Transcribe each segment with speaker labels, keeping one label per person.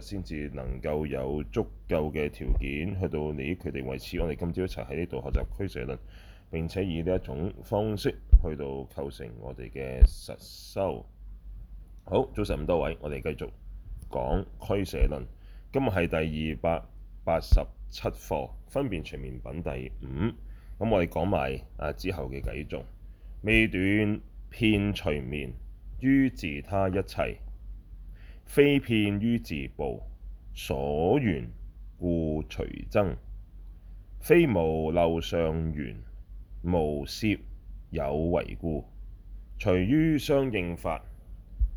Speaker 1: 先至能夠有足夠嘅條件，去到你決定維持。我哋今朝一齊喺呢度學習《俱舍論》，並且以呢一種方式去到構成我哋嘅實修。好，早晨咁多位，我哋繼續講《俱舍論》。今日係第二百八十七課，分別隨眠品第五。咁我哋講埋啊之後嘅繼續。未斷、遍隨眠、於自地一切。非遍於自部，所緣故隨增。非無漏上緣，無攝有違故。隨於相應法，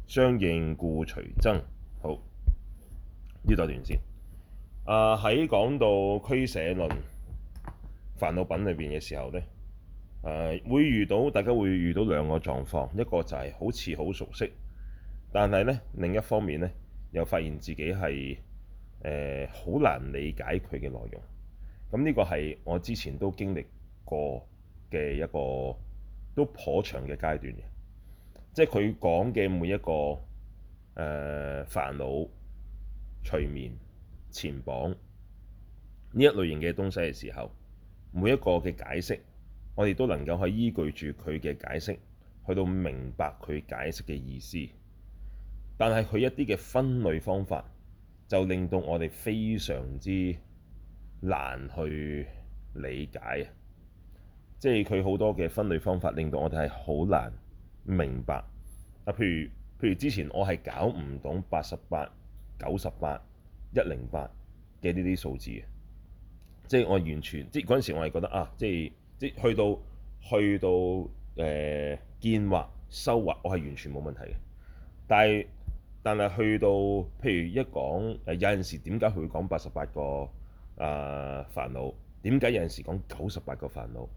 Speaker 1: 相應故隨增。好，呢段文字。啊喺講到俱舍論煩惱品裏邊嘅時候呢，誒、啊、會遇到，大家會遇到兩個狀況，一個就係好似好熟悉。但係咧，另一方面咧，又發現自己係誒好難理解佢嘅內容。咁呢個係我之前都經歷過嘅一個都頗長嘅階段嘅，即係佢講嘅每一個誒、呃、煩惱、隨眠、纏綁呢一類型嘅東西嘅時候，每一個嘅解釋，我哋都能夠去依據住佢嘅解釋，去到明白佢解釋嘅意思。但係佢一啲嘅分類方法就令到我哋非常之難去理解啊！即係佢好多嘅分類方法令到我哋係好難明白啊。譬如譬如之前我係搞唔懂八十八、九十八、一零八嘅呢啲數字，即係我完全，即係嗰時我係覺得啊，即係即去到去到誒、呃、見惑修惑我係完全冇問題嘅，但係。但係去到譬如一講有陣時點解佢講八十八個啊、呃、煩惱？點解有陣時講九十八個煩惱？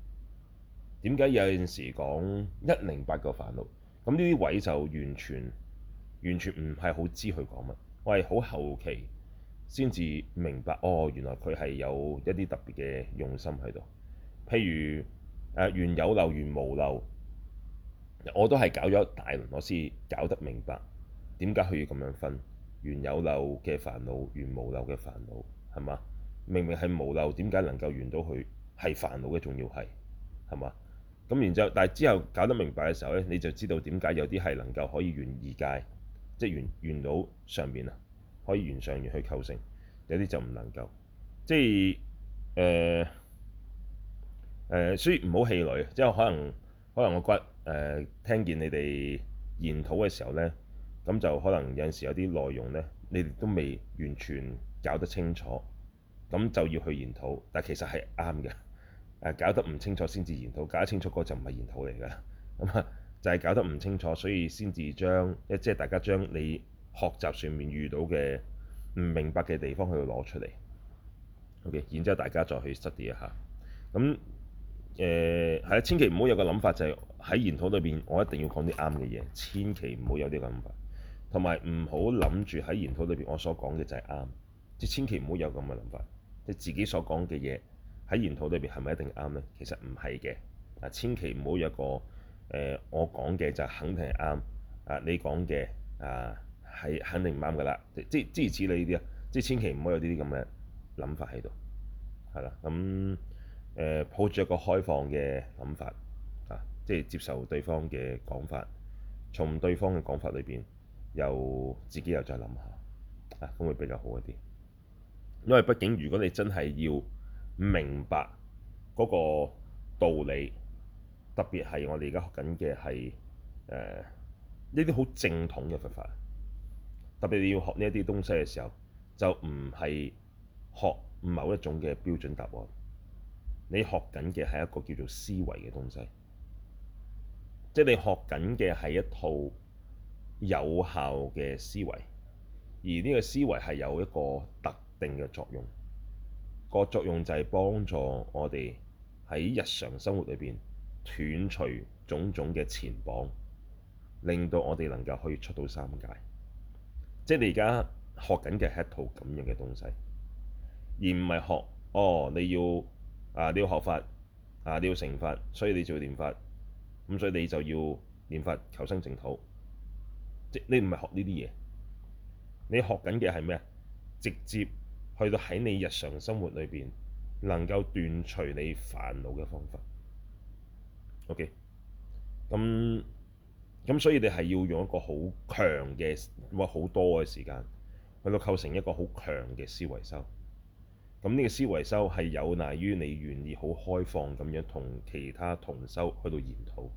Speaker 1: 點解有陣時講一零八個煩惱？咁呢啲位就完全完全唔係好知佢講乜。我係好後期先至明白哦，原來佢係有一啲特別嘅用心喺度。譬如誒，緣、呃、有漏，緣無漏，我都係搞咗一大輪，我先搞得明白。點解佢要咁樣分緣有漏嘅煩惱，緣無漏嘅煩惱係嘛？明明係無漏，點解能夠緣到佢？係煩惱嘅重要係係嘛？咁然之後，但係之後搞得明白嘅時候咧，你就知道點解有啲係能夠可以緣異界，即係緣緣到上面，啊，可以緣上緣去構成，有啲就唔能夠，即係誒誒，所以唔好氣餒，即係可能可能我覺得誒、呃、聽見你哋研討嘅時候咧。咁就可能有陣時有啲內容呢，你哋都未完全搞得清楚，咁就要去研討。但其實係啱嘅，搞得唔清楚先至研討，搞得清楚嗰就唔係研討嚟㗎。咁就係搞得唔清楚，所以先至將即係大家將你學習上面遇到嘅唔明白嘅地方去攞出嚟。O.K.，然之後大家再去 study 一下。咁誒係啊，千祈唔好有個諗法就係、是、喺研討裏邊，我一定要講啲啱嘅嘢。千祈唔好有啲咁嘅諗法。同埋唔好諗住喺研討裏邊，我所講嘅就係啱，即千祈唔好有咁嘅諗法。即自己所講嘅嘢喺研討裏邊係咪一定啱呢？其實唔係嘅。啊，千祈唔好有個誒，我講嘅就肯定係啱啊，你講嘅啊係肯定唔啱噶啦。即即如此類啲啊，即係千祈唔好有呢啲咁嘅諗法喺度係啦。咁誒、呃，抱住一個開放嘅諗法啊，即係接受對方嘅講法，從對方嘅講法裏邊，又自己又再諗下，啊，咁會，會比較好一啲。因為畢竟，如果你真係要明白嗰個道理，特別係我哋而家學緊嘅係誒呢啲好正統嘅佛法，特別你要學呢一啲東西嘅時候，就唔係學某一種嘅標準答案。你學緊嘅係一個叫做思維嘅東西，即係你學緊嘅係一套，有效嘅思維，而呢個思維係有一個特定嘅作用。個作用就係幫助我哋喺日常生活裏邊斷除種種嘅纏綁，令到我哋能夠可以出到三界。即係你而家學緊嘅係一套咁樣嘅東西，而唔係學哦。你要啊，你要學法啊，你要成法，所以你就要念法咁，所以你就要念法求生淨土。你唔係學呢啲嘢，你學緊嘅係咩？直接去到喺你日常生活裏邊，能夠斷除你煩惱嘅方法。OK，咁咁所以你係要用一個好強嘅，哇好多嘅時間，去到構成一個好強嘅思維修。咁呢個思維修係有賴於你願意好開放咁樣同其他同修去到研討。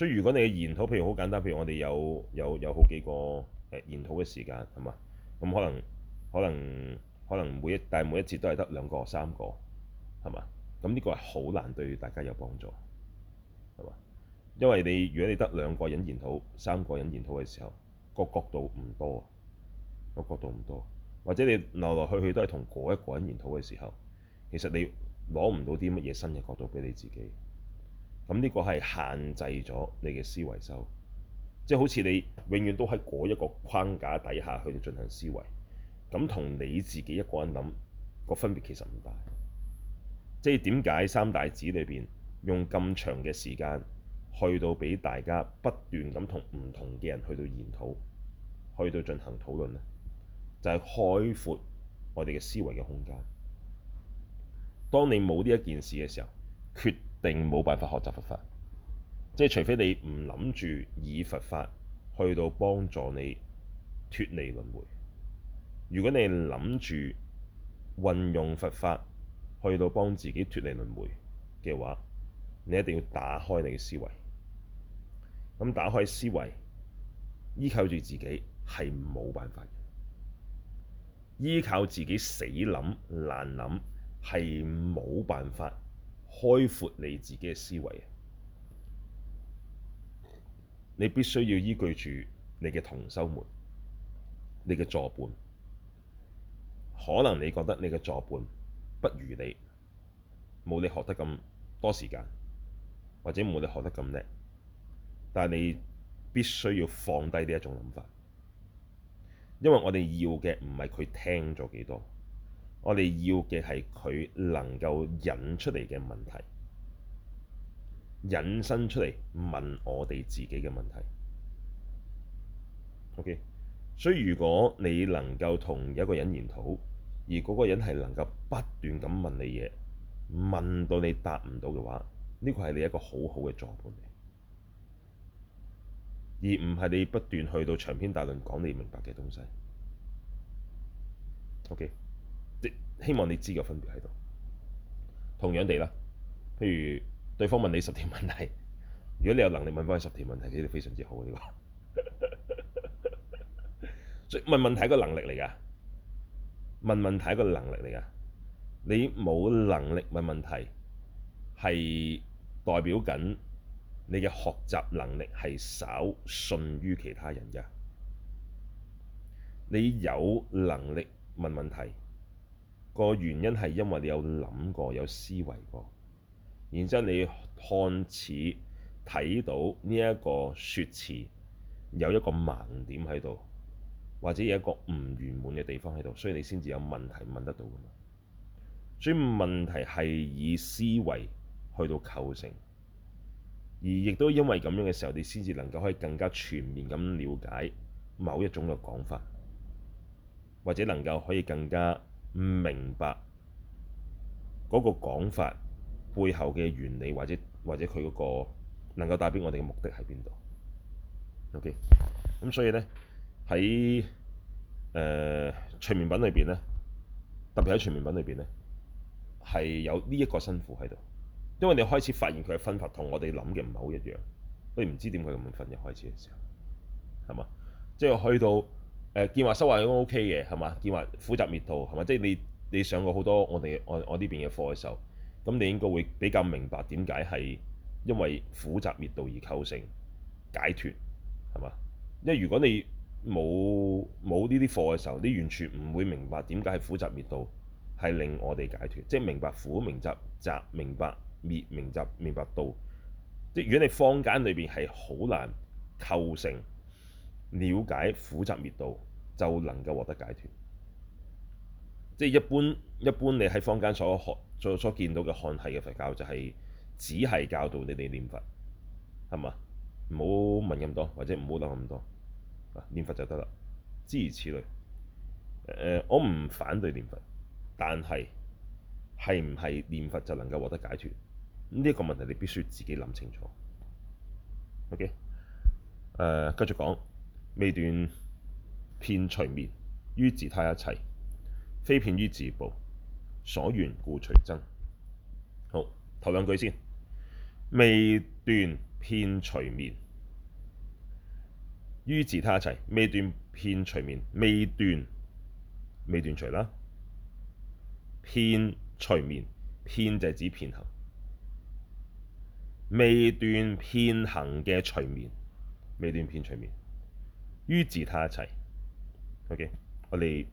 Speaker 1: 所以如果你嘅研討，譬如好簡單，譬如我哋有有有好幾個誒研討嘅時間，係嘛？咁可能可能可能每一但係每一節都係得兩個三個，係嘛？咁呢個係好難對大家有幫助，係嘛？因為你如果你得兩個人研討、三個人研討嘅時候，個角度唔多，個角度唔多，或者你來來去去都係同嗰一個人研討嘅時候，其實你攞唔到啲乜嘢新嘅角度俾你自己。咁呢個係限制咗你嘅思維修，即、就、係、是、好似你永遠都喺嗰一個框架底下去進行思維，咁同你自己一個人諗，個分別其實唔大。即係點解三大寺裏邊用咁長嘅時間去到俾大家不斷咁同唔同嘅人去到研討，去到進行討論呢？就係、是、開闊我哋嘅思維嘅空間。當你冇呢一件事嘅時候，缺。定冇辦法學習佛法，即係除非你唔諗住以佛法去到幫助你脫離輪迴。如果你諗住運用佛法去到幫自己脫離輪迴嘅話，你一定要打開你嘅思維。咁打開思維，依靠住自己係冇辦法，依靠自己死諗難諗係冇辦法。開闊你自己嘅思維，你必須要依據住你嘅同修們，你嘅助伴。可能你覺得你嘅助伴不如你，冇你學得咁多時間，或者冇你學得咁叻，但係你必須要放低呢一種諗法，因為我哋要嘅唔係佢聽咗幾多。我哋要嘅係佢能夠引出嚟嘅問題，引申出嚟問我哋自己嘅問題。OK，所以如果你能夠同一個人研討，而嗰個人係能夠不斷咁問你嘢，問到你答唔到嘅話，呢、這個係你一個好好嘅助伴嚟，而唔係你不斷去到長篇大論講你明白嘅東西。OK。希望你知嘅分別喺度。同樣地啦，譬如對方問你十條問題，如果你有能力問翻佢十條問題，呢啲非常之好呢個。 所以問問題，個能力嚟㗎，問問題個能力嚟㗎。你冇能力問問題，係代表緊你嘅學習能力係稍遜於其他人㗎。你有能力問問題。個原因係因為你有諗過、有思維過，然之後你看似睇到呢一個説詞有一個盲點喺度，或者有一個唔圓滿嘅地方喺度，所以你先至有問題問得到㗎。所以問題係以思維去到構成，而亦都因為咁樣嘅時候，你先至能夠可以更加全面咁了解某一種嘅講法，或者能夠可以更加。唔明白嗰個講法背後嘅原理，或者或者佢嗰個能夠帶畀我哋嘅目的喺邊度？OK，咁、嗯、所以呢，喺誒隨眠品裏邊呢，特別喺隨眠品裏邊呢，係有呢一個辛苦喺度，因為你開始發現佢嘅分法同我哋諗嘅唔係好一樣。所以唔知點解咁樣分，一開始嘅時候，係嘛？即係去到。誒見話修話應該 O K 嘅係嘛？見話苦集滅道係嘛？即係、就是、你你上過好多我哋我我呢邊嘅課嘅時候，咁你應該會比較明白點解係因為苦集滅道而構成解脱係嘛？因為如果你冇冇呢啲課嘅時候，你完全唔會明白點解係苦集滅道係令我哋解脱，即、就、係、是、明白苦明集集明白滅明集明，明白道，即係如果你坊間裏邊係好難構成。了解苦集滅道，就能夠獲得解脱。即係一般一般，一般你喺坊間所學、所所見到嘅漢系嘅佛教，就係、是、只係教導你哋念佛，係嘛？唔好問咁多，或者唔好諗咁多。啊，念佛就得啦。諸如此類。誒、呃，我唔反對念佛，但係係唔係念佛就能夠獲得解脱？呢、這、一個問題，你必須自己諗清楚。OK，誒、呃，繼續講。未斷遍隨眠，於自地一切；非遍於自部，所緣故隨增。好，頭兩句先，未斷遍隨眠，於自地一切；未斷遍隨眠，未斷，未斷除啦，遍隨眠，遍就指遍行，未斷遍行嘅隨眠，未斷遍隨眠。於自地一切，OK，我哋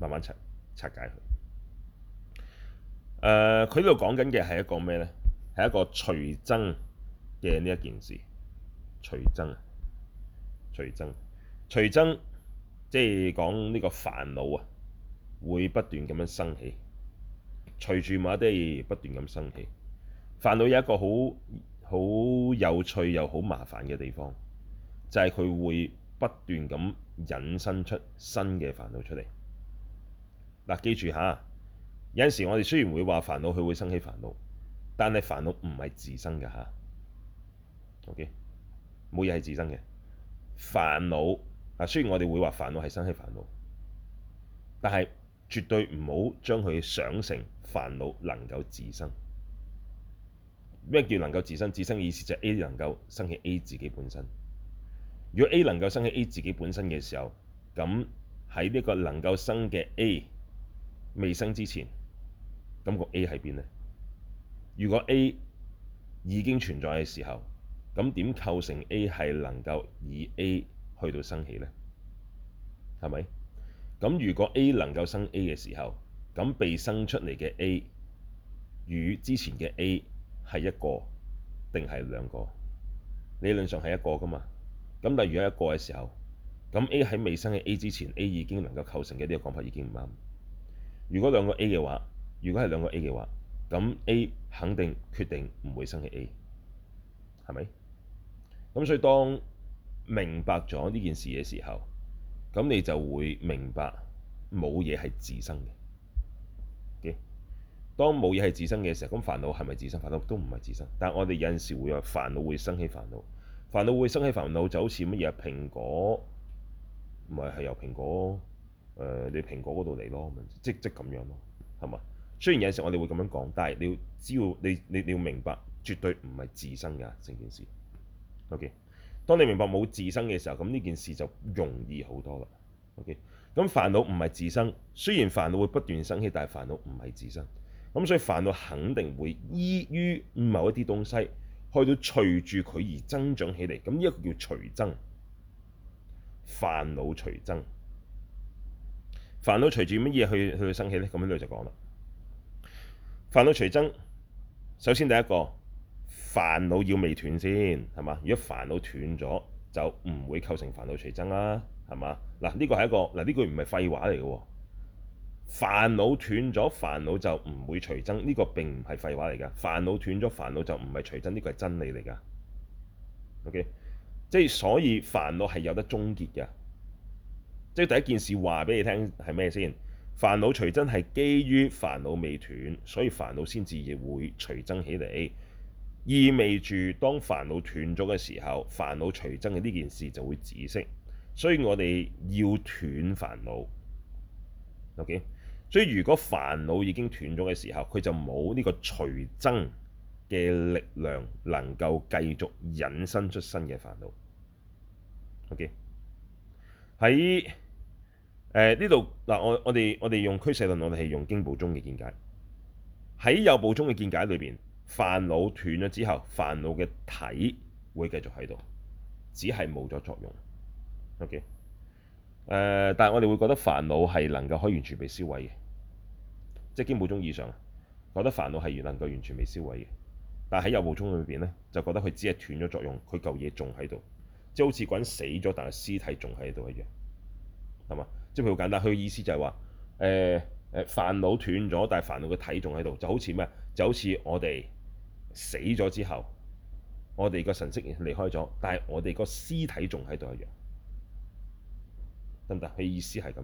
Speaker 1: 慢慢拆拆解佢。誒、呃，佢呢度講緊嘅係一個咩咧？係一個隨增嘅呢一件事，隨增、隨增、隨增，即係講呢個煩惱啊，會不斷咁樣生起，隨住某啲不斷咁生起煩惱。有一個好好有趣又好麻煩嘅地方，就係佢會。不斷咁引申出新嘅煩惱出嚟嗱、啊，記住下，有陣時，我哋雖然會話煩惱，佢會生起煩惱，但係煩惱唔係自生嘅吓、啊、OK，冇嘢係自生嘅煩惱啊。雖然我哋會話煩惱係生起煩惱，但係絕對唔好將佢想成煩惱能夠自生。咩叫能夠自生？自生意思就係 A 能夠生起 A 自己本身。如果 A 能夠生起 A 自己本身嘅時候，咁喺呢個能夠生嘅 A 未生之前，咁個 A 係邊呢？如果 A 已經存在嘅時候，咁點構成 A 係能夠以 A 去到生起呢？係咪？咁如果 A 能夠生 A 嘅時候，咁被生出嚟嘅 A 與之前嘅 A 係一個定係兩個？理論上係一個㗎嘛？咁例如一個嘅時候，咁 A 喺未生起 A 之前，A 已經能夠構成嘅呢個講法已經唔啱。如果兩個 A 嘅話，如果係兩個 A 嘅話，咁 A 肯定決定唔會生起 A，係咪？咁所以當明白咗呢件事嘅時候，咁你就會明白冇嘢係自生嘅。嘅、okay？當冇嘢係自生嘅時候，咁煩惱係咪自生？煩惱都唔係自生。但係我哋有陣時會話煩惱會生起煩惱。煩惱會生起，煩惱就好似乜嘢？蘋果，唔係係由蘋果，誒、呃、你蘋果嗰度嚟咯，即即咁樣咯，係嘛？雖然有時候我哋會咁樣講，但係你要只要你你你要明白，絕對唔係自生㗎成件事。OK，當你明白冇自生嘅時候，咁呢件事就容易好多啦。OK，咁煩惱唔係自生，雖然煩惱會不斷生起，但係煩惱唔係自生，咁所以煩惱肯定會依於某一啲東西。去到隨住佢而增長起嚟，咁呢一個叫隨增，煩惱隨增。煩惱隨住乜嘢去去生起咧？咁呢度就講啦，煩惱隨增，首先第一個煩惱要未斷先，係嘛？如果煩惱斷咗，就唔會構成煩惱隨增啦，係嘛？嗱，呢個係一個，嗱，呢句唔係廢話嚟嘅喎。煩惱斷咗，煩惱就唔會隨增。呢個並唔係廢話嚟㗎，煩惱斷咗，煩惱就唔係隨增。呢個係真理嚟㗎。OK，即係所以煩惱係有得終結㗎。即係第一件事話俾你聽係咩先？煩惱隨增係基於煩惱未斷，所以煩惱先至會隨增起嚟。意味住當煩惱斷咗嘅時候，煩惱隨增嘅呢件事就會止息。所以我哋要斷煩惱。OK。所以如果煩惱已經斷咗嘅時候，佢就冇呢個隨增嘅力量能夠繼續引申出新嘅煩惱。OK 喺誒呢度嗱，我我哋我哋用俱舍論，我哋係用經部宗嘅見解。喺有部宗嘅見解裏邊，煩惱斷咗之後，煩惱嘅體會繼續喺度，只係冇咗作用。OK 誒、呃，但係我哋會覺得煩惱係能夠可以完全被燒毀嘅。即係經部宗意上，覺得煩惱係完能夠完全未消毀嘅。但喺有部宗裏邊咧，就覺得佢只係斷咗作用，佢嚿嘢仲喺度，即係好似個人死咗，但係屍體仲喺度一樣，係嘛？即係佢好簡單，佢嘅意思就係話誒誒煩惱斷咗，但係煩惱嘅體仲喺度，就好似咩？就好似我哋死咗之後，我哋個神識離開咗，但係我哋個屍體仲喺度一樣，得唔得？佢意思係咁，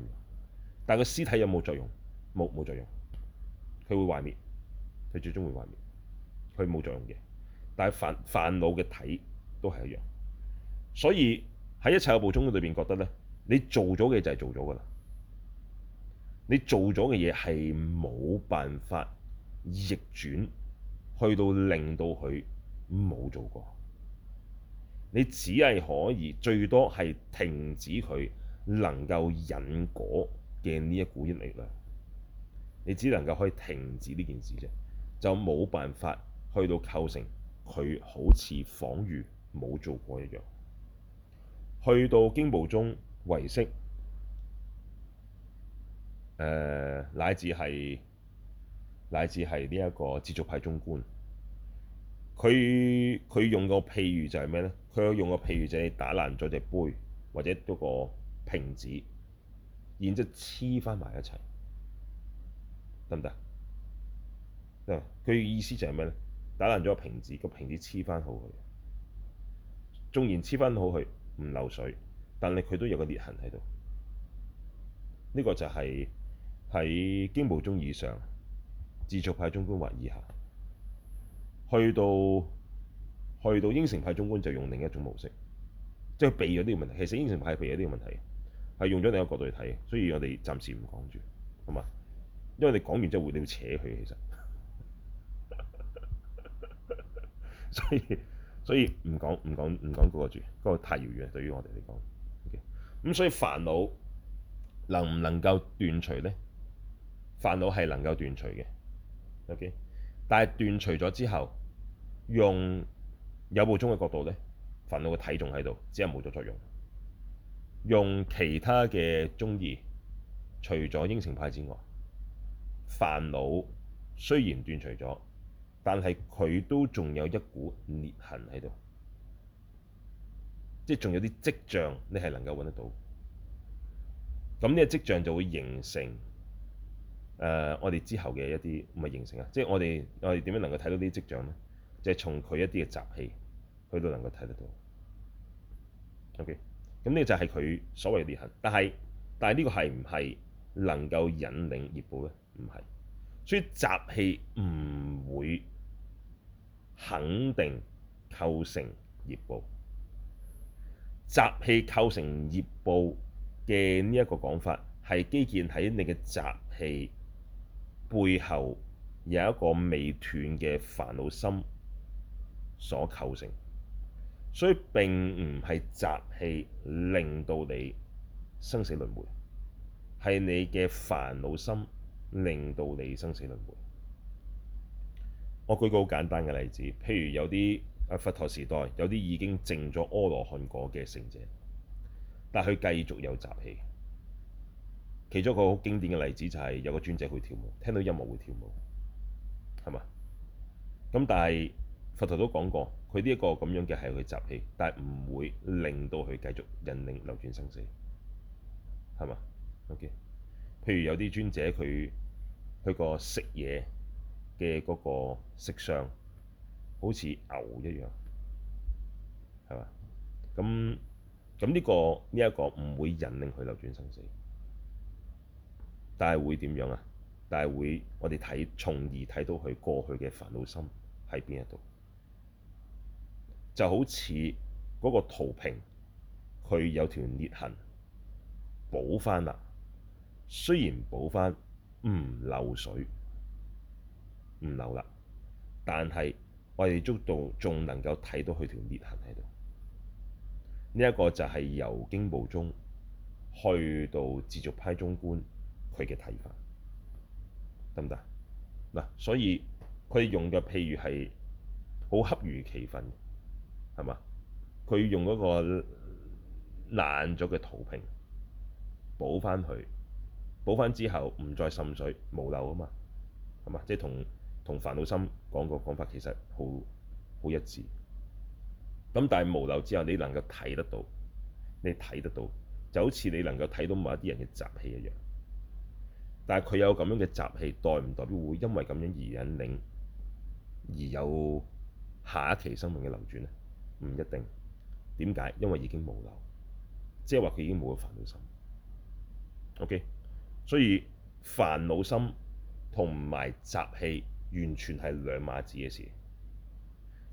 Speaker 1: 但係個屍體有冇作用？冇冇作用。佢會壞滅，佢最終會壞滅，佢冇作用嘅。但係煩煩惱嘅體都係一樣，所以喺一切嘅有部中裏邊，覺得咧，你做咗嘅就係做咗㗎啦。你做咗嘅嘢係冇辦法逆轉，去到令到佢冇做過。你只係可以最多係停止佢能夠引果嘅呢一股力量。你只能夠可以停止呢件事啫，就冇辦法去到構成佢好似仿如冇做過一樣。去到經部中唯識，誒、呃、乃至係乃至係呢一個自續派中觀，佢佢用個譬喻就係咩咧？佢用個譬喻就係打爛咗隻杯或者嗰個瓶子，然之後黐返埋一齊。得唔得？啊，佢意思就係咩咧？打爛咗個瓶子，個瓶子黐翻好佢，縱然黐翻好佢唔漏水，但係佢都有個裂痕喺度。呢、這個就係喺經部中以上、自續派中觀或以下，去到去到應成派中觀就用另一種模式，即係避咗呢個問題。其實應成派避咗呢個問題，係用咗另一個角度去睇。所以我哋暫時唔講住，好嘛？因為你講完之後，你會你要扯佢。其實， 所以所以唔講唔講唔講嗰個住嗰、嗰個太遙遠，對於我哋嚟講。咁、okay? 所以煩惱能唔能夠斷除咧？煩惱係能夠斷除嘅。OK，但係斷除咗之後，用有部宗嘅角度咧，煩惱嘅體仲喺度，只係冇咗作用。用其他嘅宗義，除咗應成派之外。煩惱雖然斷除咗，但係佢都仲有一股裂痕喺度，即係仲有啲跡象，你係能夠揾得到。咁呢個跡象就會形成，誒、呃，我哋之後嘅一啲唔係形成啊，即係我哋我哋點樣能夠睇到啲跡象呢？就係、是、從佢一啲嘅雜氣，佢都能夠睇得到。OK，咁呢個就係佢所謂嘅裂痕，但係但係呢個係唔係能夠引領業報咧？唔係。所以習氣唔會肯定構成業報，習氣構成業報嘅呢一個講法，係基建喺你嘅習氣背後有一個未斷嘅煩惱心所構成，所以並唔係習氣令到你生死輪迴，係你嘅煩惱心。令到你生死輪回。我舉個好簡單嘅例子，譬如有啲阿佛陀時代有啲已經證咗阿羅漢果嘅聖者，但佢繼續有習氣。其中一個好經典嘅例子就係有個尊者會跳舞，聽到音樂會跳舞，係嘛？咁但係佛陀都講過，佢呢一個咁樣嘅係佢習氣，但係唔會令到佢繼續引領流轉生死，係嘛？OK。譬如有啲尊者佢。佢個食嘢嘅嗰個食相，好似牛一樣，係嘛？咁，咁呢個呢一個唔會引領佢流轉生死，但係會點樣啊？但係會我哋睇，從而睇到佢過去嘅煩惱心喺邊一度，就好似嗰個陶瓶，佢有條裂痕，補翻啦。雖然補翻。唔漏水，唔漏啦。但係我哋捉到仲能夠睇到佢條裂痕喺度。呢、這、一個就係由經部中去到自續派中觀佢嘅睇法，得唔得？嗱，所以佢用嘅譬如係好恰如其分，係嘛？佢用嗰個爛咗嘅陶片補翻佢。補返之後，唔再滲水，無漏啊嘛，係嘛？即係同同煩惱心講個講法，其實好好一致。咁但係無漏之後，你能夠睇得到，你睇得到就好似你能夠睇到某一啲人嘅習氣一樣。但係佢有咁樣嘅習氣，代唔代表會因為咁樣而引領而有下一期生命嘅流轉咧？唔一定。點解？因為已經無漏，即係話佢已經冇咗煩惱心。O.K. 所以煩惱心同埋習氣完全係兩碼子嘅事。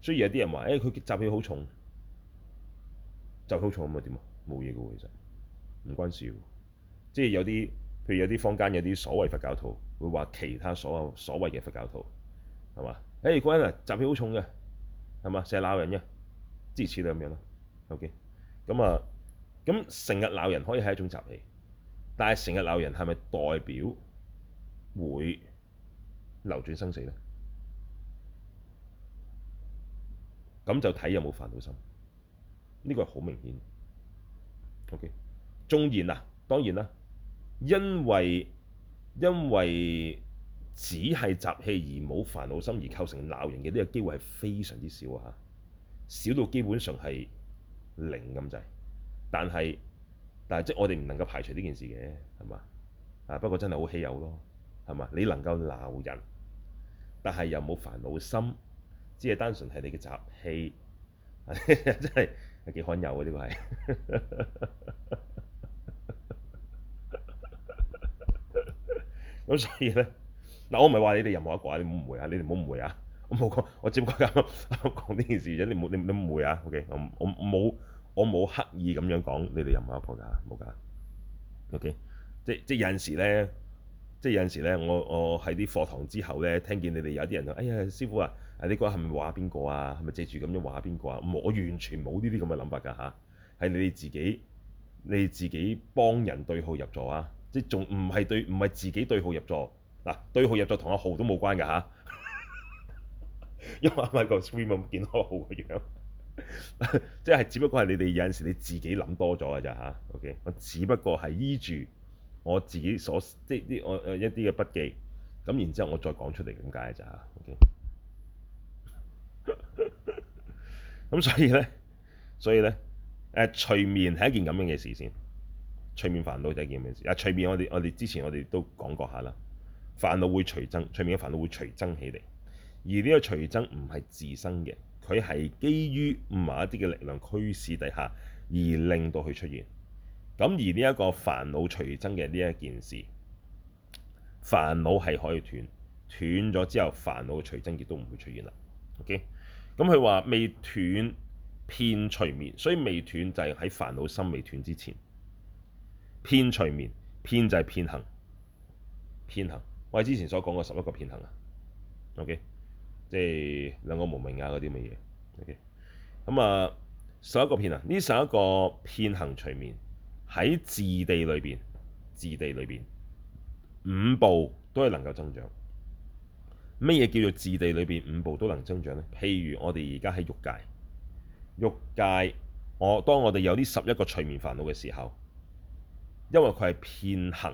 Speaker 1: 所以有啲人話：誒、欸、佢習氣好重，習氣好重咁又點啊？冇嘢嘅喎，其實唔關事嘅。即係有啲，譬如有啲坊間有啲所謂佛教徒會話其他所有所謂嘅佛教徒係嘛？誒嗰、欸、人啊習氣好重嘅，係嘛？成日鬧人嘅，至你咁樣咯。OK，咁啊，咁成日鬧人可以係一種習氣。但係成日鬧人係咪代表會流轉生死咧？咁就睇有冇煩惱心，呢個係好明顯。O.K. 縱然啊，當然啦，因為因為只係集氣而冇煩惱心而構成鬧人嘅呢個機會係非常之少啊，少到基本上係零咁滯。但係但係即係我哋唔能夠排除呢件事嘅，係嘛？啊不過真係好稀有咯，係嘛？你能夠鬧人，但係又冇煩惱心，只係單純係你嘅習氣，啊、呵呵真係係幾罕有嘅呢個係。咁 所以咧，嗱我唔係話你哋任何一個啊，你唔好誤會啊，你哋唔好誤會啊。我冇講，我只不過講講呢件事啫，你冇你唔唔誤會啊。OK，我我冇。我冇刻意咁樣講，你哋任何一個㗎，冇㗎。OK，即即有陣時咧，即有陣時咧，我我喺啲課堂之後咧，聽見你哋有啲人就，哎呀，師傅啊，你嗰係咪話邊個啊？係咪借住咁樣話邊個啊？我完全冇呢啲咁嘅諗法㗎吓，係、啊、你哋自己，你自己幫人對號入座啊！即仲唔係對，唔係自己對號入座。嗱，對號入座同阿號都冇關㗎吓，啊、 因為啱啱個 stream 冇見到號嘅樣。即係 只不過係你哋有陣時，你自己諗多咗嘅咋吓？O K，我只不過係依住我自己所即係啲我一啲嘅筆記，咁然之後我再講出嚟咁解咋吓？O K，咁所以咧，所以咧，誒、呃，隨眠係一件咁樣嘅事先，隨眠煩惱係一件咁嘅事。啊、呃，隨眠我哋我哋之前我哋都講過下啦，煩惱會隨增，隨眠嘅煩惱會隨增起嚟，而呢個隨增唔係自生嘅。佢係基於某一啲嘅力量驅使底下而令到佢出現，咁而呢一個煩惱隨增嘅呢一件事，煩惱係可以斷，斷咗之後煩惱嘅隨增亦都唔會出現啦。OK，咁佢話未斷遍隨眠，所以未斷就係喺煩惱心未斷之前，遍隨眠，遍就係遍行，遍行我哋之前所講嘅十一個遍行啊。OK。即係兩個無名額嗰啲乜嘢，OK，咁、嗯、啊，十一個遍啊，呢十一個遍行隨眠喺自地裏邊，自地裏邊五部都係能夠增長。乜嘢叫做自地裏邊五部都能增長呢？譬如我哋而家喺欲界，欲界我當我哋有呢十一個隨眠煩惱嘅時候，因為佢係遍行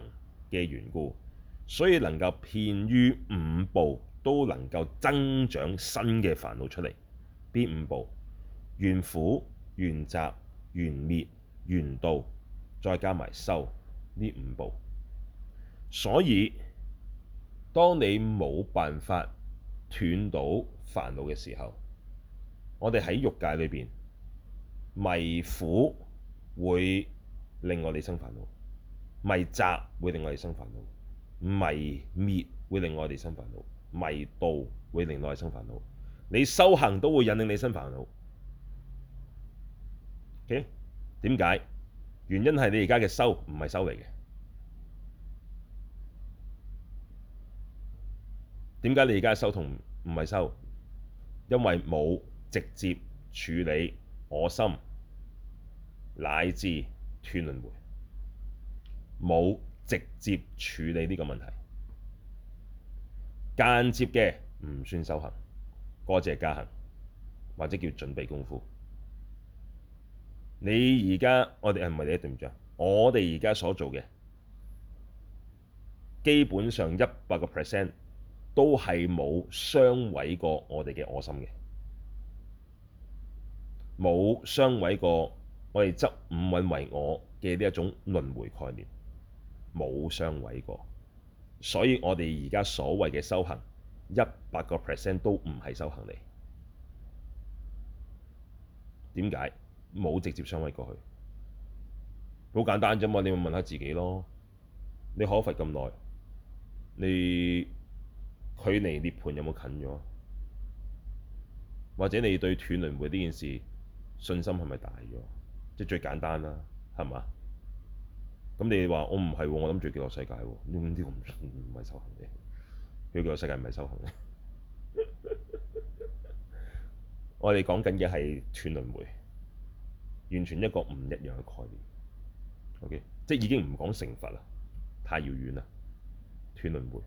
Speaker 1: 嘅緣故，所以能夠遍於五部都能夠增長新嘅煩惱出嚟。呢五部，緣苦、緣集、緣滅、緣道，再加埋修呢五部。所以，當你冇辦法斷到煩惱嘅時候，我哋喺欲界裏邊，迷苦會令我哋生煩惱，迷集會令我哋生煩惱，迷滅會令我哋生煩惱。迷道會令內心生煩惱，你修行都會引領你生煩惱。點、okay? 解？原因係你而家嘅修唔係修嚟嘅。點解你而家嘅修同唔係修？因為冇直接處理我心，乃至斷輪迴，冇直接處理呢個問題。間接嘅唔算修行，嗰只係加行，或者叫準備功夫。你而家我哋係咪一定唔隊長？我哋而家所做嘅基本上一百個 percent 都係冇傷毀過我哋嘅我心嘅，冇傷毀過我哋執五蘊為我嘅呢一種輪迴概念，冇傷毀過。所以我哋而家所謂嘅修行，一百個 percent 都唔係修行嚟。點解？冇直接上位過去，好簡單啫嘛。你問問下自己咯。你可佛咁耐，你距離涅槃有冇近咗？或者你對斷輪迴呢件事信心係咪大咗？即係最簡單啦，係嘛？咁你話我唔係喎，我諗住幾落世界喎，哦？唔知我唔唔係修行嘅，佢幾落世界唔係修行嘅。 我哋講緊嘅係斷輪迴，完全一個唔一樣嘅概念。O.K.，即係已經唔講成佛啦，太遙遠啦。斷輪迴，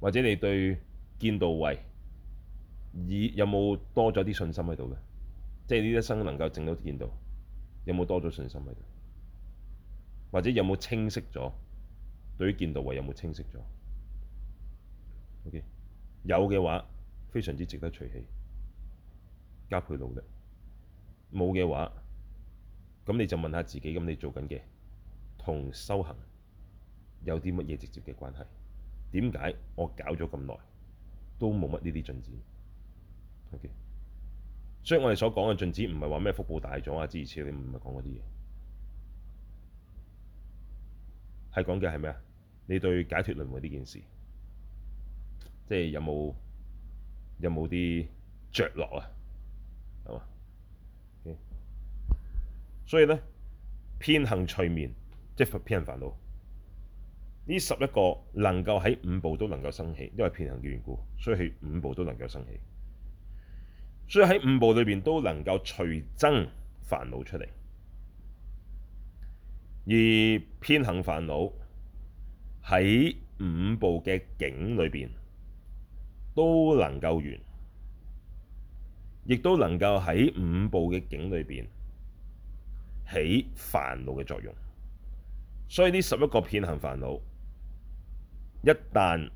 Speaker 1: 或者你對見道位，已有冇多咗啲信心喺度嘅？即係呢一生能夠證到見道，有冇多咗信心喺度？或者有冇清晰咗？對於見道位有冇清晰咗？OK，有嘅話，非常之值得隨喜，加倍努力。冇嘅話，咁你就問下自己，咁你做緊嘅同修行有啲乜嘢直接嘅關係？點解我搞咗咁耐都冇乜呢啲進展？OK，所以我哋所講嘅進展唔係話咩福報大咗啊，諸如此類，你唔係講嗰啲嘢。係講嘅係咩啊？你對解脫輪迴呢件事，即係有冇有冇啲着落啊？係嘛？Okay. 所以咧，遍行隨眠，即係遍行煩惱。呢十一個能夠喺五部都能夠生起，因為遍行嘅緣故，所以喺五部都能夠生起。所以喺五部裏邊都能夠隨增煩惱出嚟。而遍行煩惱喺五部嘅境裏邊都能夠緣，亦都能夠喺五部嘅境裏邊起煩惱嘅作用。所以呢十一個遍行煩惱，一旦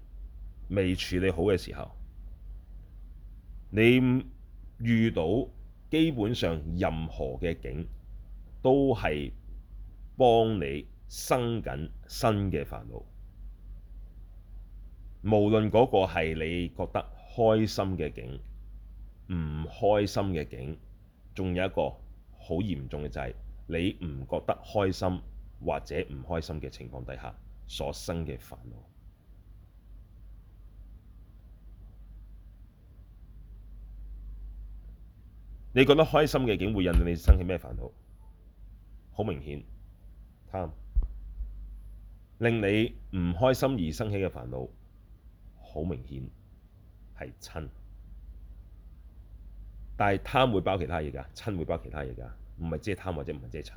Speaker 1: 未處理好嘅時候，你遇到基本上任何嘅境都係，幫你生緊新嘅煩惱，無論嗰個係你覺得開心嘅境，唔開心嘅境，仲有一個好嚴重嘅就係、是、你唔覺得開心或者唔開心嘅情況底下所生嘅煩惱。你覺得開心嘅境會引你生起咩煩惱？好明顯。貪。令你唔開心而生起嘅煩惱，好明顯係親。但係貪會包其他嘢㗎，親會包其他嘢㗎，唔係只係貪或者唔係只係親，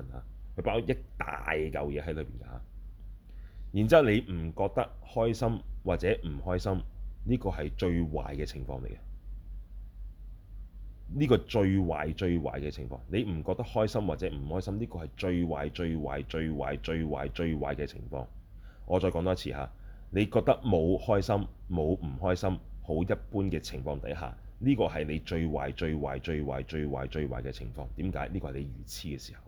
Speaker 1: 佢包一大嚿嘢喺裏邊㗎。然之後你唔覺得開心或者唔開心，呢個係最壞嘅情況嚟嘅。呢個最壞、最壞嘅情況，你唔覺得開心或者唔開心？呢個係最壞、最壞、最壞、最壞、最壞嘅情況。我再講多一次吓，你覺得冇開心、冇唔開心、好一般嘅情況底下，呢個係你最壞、最壞、最壞、最壞、最壞嘅情況。點解？呢個係你愚痴嘅時候，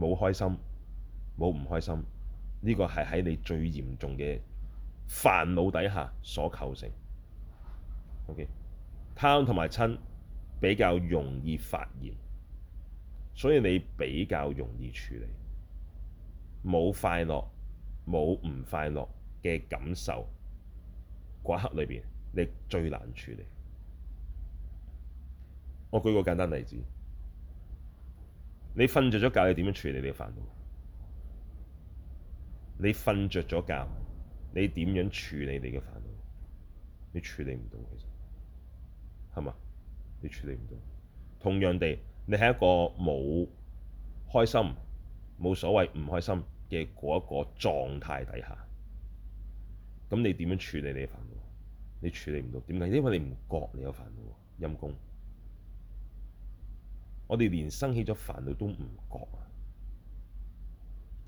Speaker 1: 冇開心、冇唔開心，呢個係喺你最嚴重嘅煩惱底下所構成。O.K. 貪同埋親比較容易發現，所以你比較容易處理。冇快樂、冇唔快樂嘅感受，嗰一刻裏邊你最難處理。我舉個簡單例子：你瞓着咗覺，你點樣處理你嘅煩惱？你瞓着咗覺，你點樣處理你嘅煩惱？你處理唔到其實。係嘛？你處理唔到。同樣地，你喺一個冇開心、冇所謂、唔開心嘅嗰一個狀態底下，咁你點樣處理你嘅煩惱？你處理唔到，點解？因為你唔覺你有煩惱，陰公。我哋連生起咗煩惱都唔覺啊！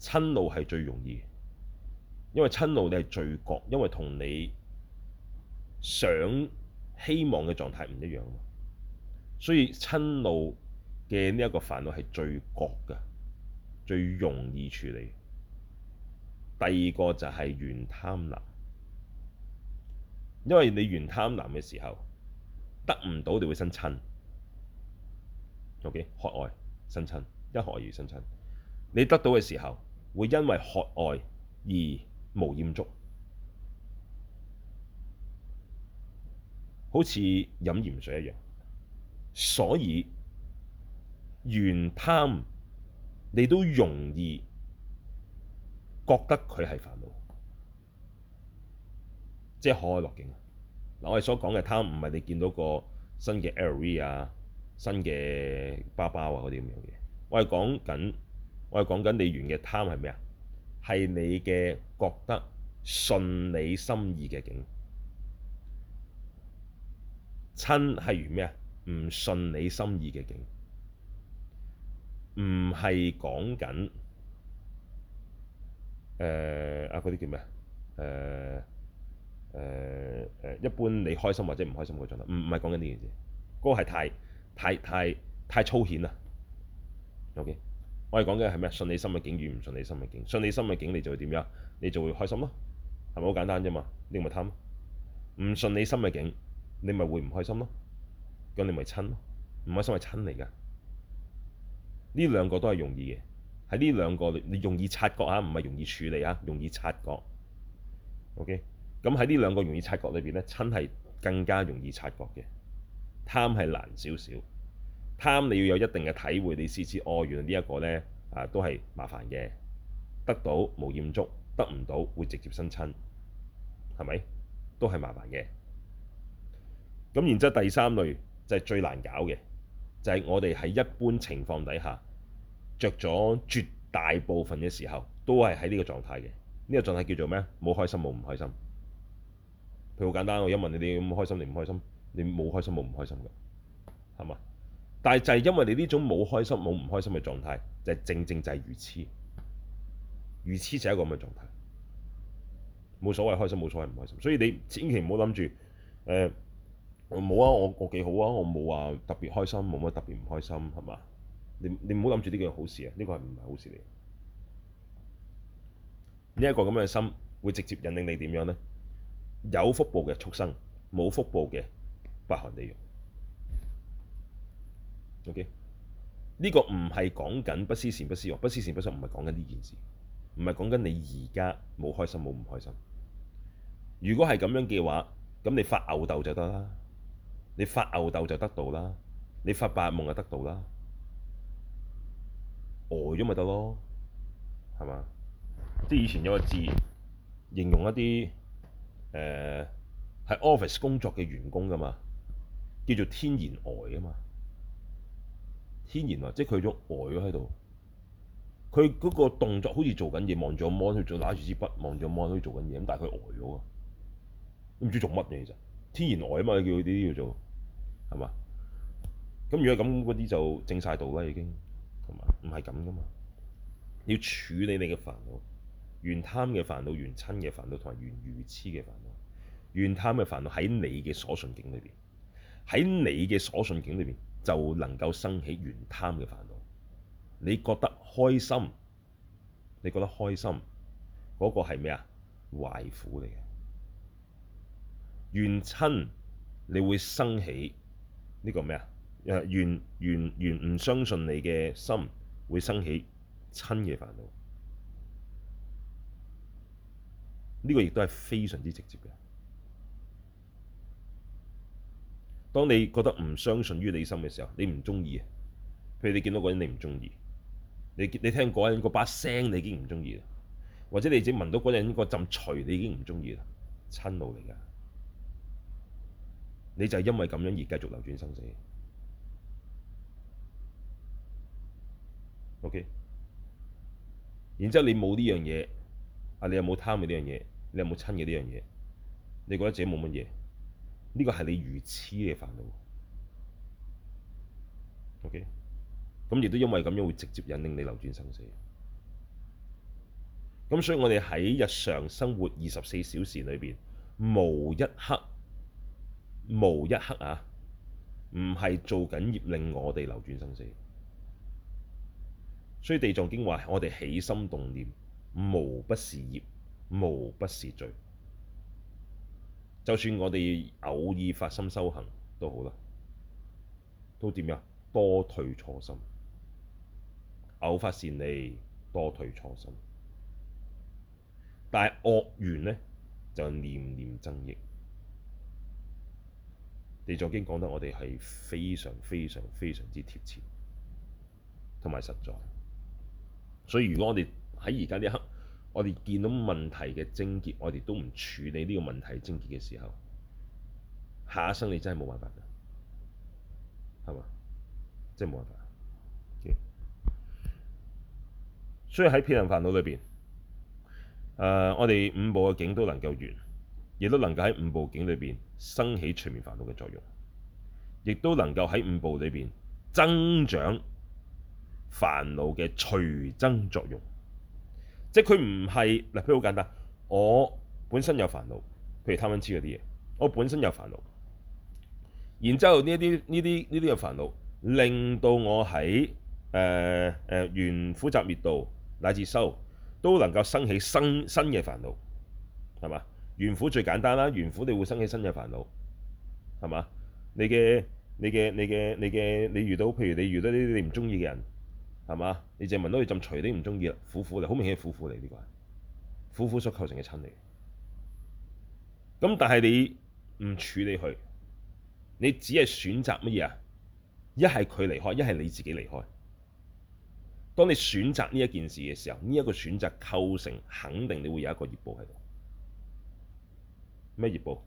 Speaker 1: 親怒係最容易，因為親怒你係最覺，因為同你想。希望嘅狀態唔一樣，所以瞋怒嘅呢一個煩惱係最覺嘅，最容易處理。第二個就係原貪婪，因為你原貪婪嘅時候得唔到，你會生瞋。O.K. 渴愛生瞋，一渴而生瞋。你得到嘅時候，會因為渴愛而無厭足。好似飲鹽水一樣，所以願貪你都容易覺得佢係煩惱，即係可愛樂境。嗱，我哋所講嘅貪唔係你見到個新嘅 LV 啊、新嘅包包啊嗰啲咁樣嘢，我係講緊，我係講緊你願嘅貪係咩啊？係你嘅覺得順你心意嘅境。親係如咩啊？唔順你心意嘅境，唔係講緊誒啊嗰啲叫咩啊？誒誒誒，一般你開心或者唔開心嗰種啦，唔唔係講緊呢件事。嗰、嗰個係太太太太粗顯啦。OK，我哋講緊係咩？順你心嘅境與唔順你心嘅境，順你心嘅境你就會點樣？你就會開心咯，係咪好簡單啫嘛？你個咪貪？唔順你心嘅境。你咪會唔開心咯，咁你咪親咯，唔開心係親嚟㗎。呢兩個都係容易嘅，喺呢兩個你容易察覺吖，唔係容易處理吖，容易察覺。OK，咁喺呢兩個容易察覺裏邊呢，親係更加容易察覺嘅，貪係難少少。貪你要有一定嘅體會，你試試哦，原來呢一個呢，啊都係麻煩嘅，得到冇厭足，得唔到會直接生親，係咪都係麻煩嘅？咁然之後第三類就係最難搞嘅，就係、是、我哋喺一般情況底下着咗絕大部分嘅時候，都係喺呢個狀態嘅。呢、這個狀態叫做咩？冇開心冇唔開心。譬如好簡單，我一問你：你哋咁開心？你唔開心？你冇開心冇唔開心嘅，係嘛？但係就係因為你呢種冇開心冇唔開心嘅狀態，就是、正正就係愚癡，愚癡就係一個咁嘅狀態。冇所謂開心冇所謂唔開心，所以你千祈唔好諗住誒。呃我冇啊！我我幾好啊！我冇話、啊、特別開心，冇乜特別唔開心，係嘛？你你唔好諗住呢咁嘅好事啊！呢個係唔係好事嚟？呢一個咁樣嘅心會直接引領你點樣呢？有福報嘅畜生，冇福報嘅八寒地獄。OK，呢個唔係講緊不思善不思惡，不思善不惡唔係講緊呢件事，唔係講緊你而家冇開心冇唔開心。如果係咁樣嘅話，咁你發吽哣就得啦。你發吽哣就得到啦，你發白夢就得到啦，呆咗咪得咯，係、呃、嘛？即係以前有個字形容一啲誒喺、呃、office 工作嘅員工噶嘛，叫做天然呆、呃、啊嘛，天然呆、呃、即係佢有種呆咗喺度，佢嗰個動作好似做緊嘢，望住個 mon，去做攞住支筆，望住個 mon，去做緊嘢，咁但係佢呆咗啊，唔知做乜嘢。其實，天然呆、呃、啊嘛，叫啲叫做。係嘛？咁如果咁嗰啲就正晒道啦，已經係嘛？唔係咁噶嘛，要處理你嘅煩惱，緣貪嘅煩惱、緣瞋嘅煩惱同埋緣愚痴嘅煩惱。緣貪嘅煩惱喺你嘅所緣境裏邊，喺你嘅所緣境裏邊，就能夠生起緣貪嘅煩惱。你覺得開心，你覺得開心嗰、那個係咩啊？壞苦嚟嘅緣瞋，你會生起。呢個咩啊？誒，完完完唔相信你嘅心會生起親嘅煩惱。呢個亦都係非常之直接嘅。當你覺得唔相信於你心嘅時候，你唔中意嘅。譬如你見到嗰人你唔中意，你你聽嗰人嗰把聲你已經唔中意啦，或者你只聞到嗰人嗰陣除你已經唔中意啦，親路嚟㗎。你就係因為咁樣而繼續流轉生死。OK，然之後你冇呢樣嘢，啊你有冇貪嘅呢樣嘢？你有冇瞋嘅呢樣嘢？你覺得自己冇乜嘢？呢個係你愚痴嘅煩惱。OK，咁亦都因為咁樣會直接引領你流轉生死。咁所以我哋喺日常生活二十四小時裏邊，無一刻。無一刻啊，唔係做緊業令我哋流轉生死，所以地藏經話：我哋起心動念，無不是業，無不是罪。就算我哋偶爾發心修行都好啦，都點樣？多退初心，偶發善利，多退初心。但係惡緣呢，就念念增益。你仲經講得我哋係非常非常非常之貼切，同埋實在。所以如果我哋喺而家呢一刻，我哋見到問題嘅症結，我哋都唔處理呢個問題症結嘅時候，下一生你真係冇辦法嘅，係嘛？真係冇辦法。Okay? 所以喺《遍行煩惱》裏邊，誒，我哋五部嘅境都能夠緣，亦都能夠喺五部境裏邊，升起全面煩惱嘅作用，亦都能夠喺五部裏邊增長煩惱嘅隨增作用。即係佢唔係，嗱，譬如好簡單，我本身有煩惱，譬如貪嗔癡嗰啲嘢，我本身有煩惱。然之後呢一啲呢啲呢啲嘅煩惱，令到我喺誒誒緣苦集滅道乃至修都能夠生起新新嘅煩惱，係嘛？怨苦最簡單啦，怨苦你會生起新嘅煩惱，係嘛？你嘅、你嘅、你嘅、你嘅，你遇到譬如你遇到啲你唔中意嘅人，係嘛？你淨係聞到一陣臭，你唔中意苦苦，你好明顯苦苦嚟，呢個係苦苦所構成嘅親嚟。咁但係你唔處理佢，你只係選擇乜嘢啊？一係佢離開，一係你自己離開。當你選擇呢一件事嘅時候，呢、這、一個選擇構成肯定你會有一個業報喺度。咩業報？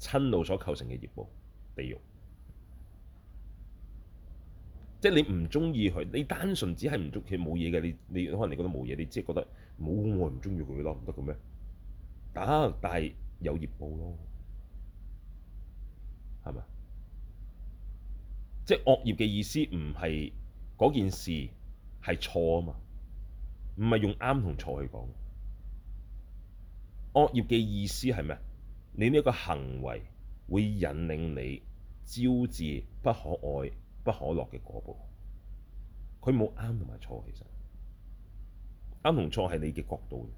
Speaker 1: 親路所構成嘅業報，地獄。即係你唔中意佢，你單純只係唔中意佢冇嘢嘅。你你可能你覺得冇嘢，你即係覺得冇，我唔中意佢咯，唔得嘅咩？得，但係有業報咯，係咪？即係惡業嘅意思唔係嗰件事係錯啊嘛，唔係用啱同錯去講。惡業嘅意思係咩？你呢個行為會引領你招致不可愛不可樂嘅果報。佢冇啱同埋錯，其實啱同錯係你嘅角度。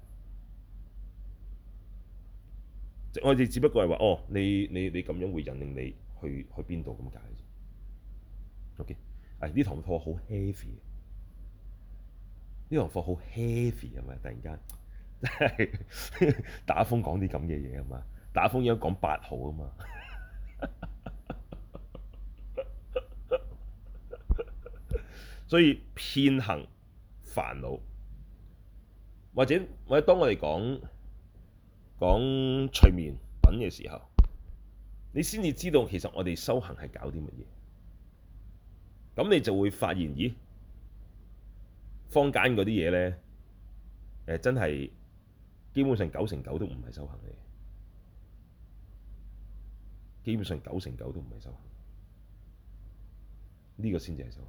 Speaker 1: 我哋只不過係話哦，你你你咁樣會引領你去去邊度咁解啫。OK，哎，呢堂課好 heavy，呢堂課好 heavy 係咪？突然間打風講啲咁嘅嘢，係嘛。打風應該講八號啊嘛， 所以遍行煩惱，或者或者當我哋講講隨眠品嘅時候，你先至知道其實我哋修行係搞啲乜嘢。咁你就會發現，咦，坊間嗰啲嘢咧，誒真係基本上九成九都唔係修行嚟嘅。基本上九成九都唔係修行，呢個先至係修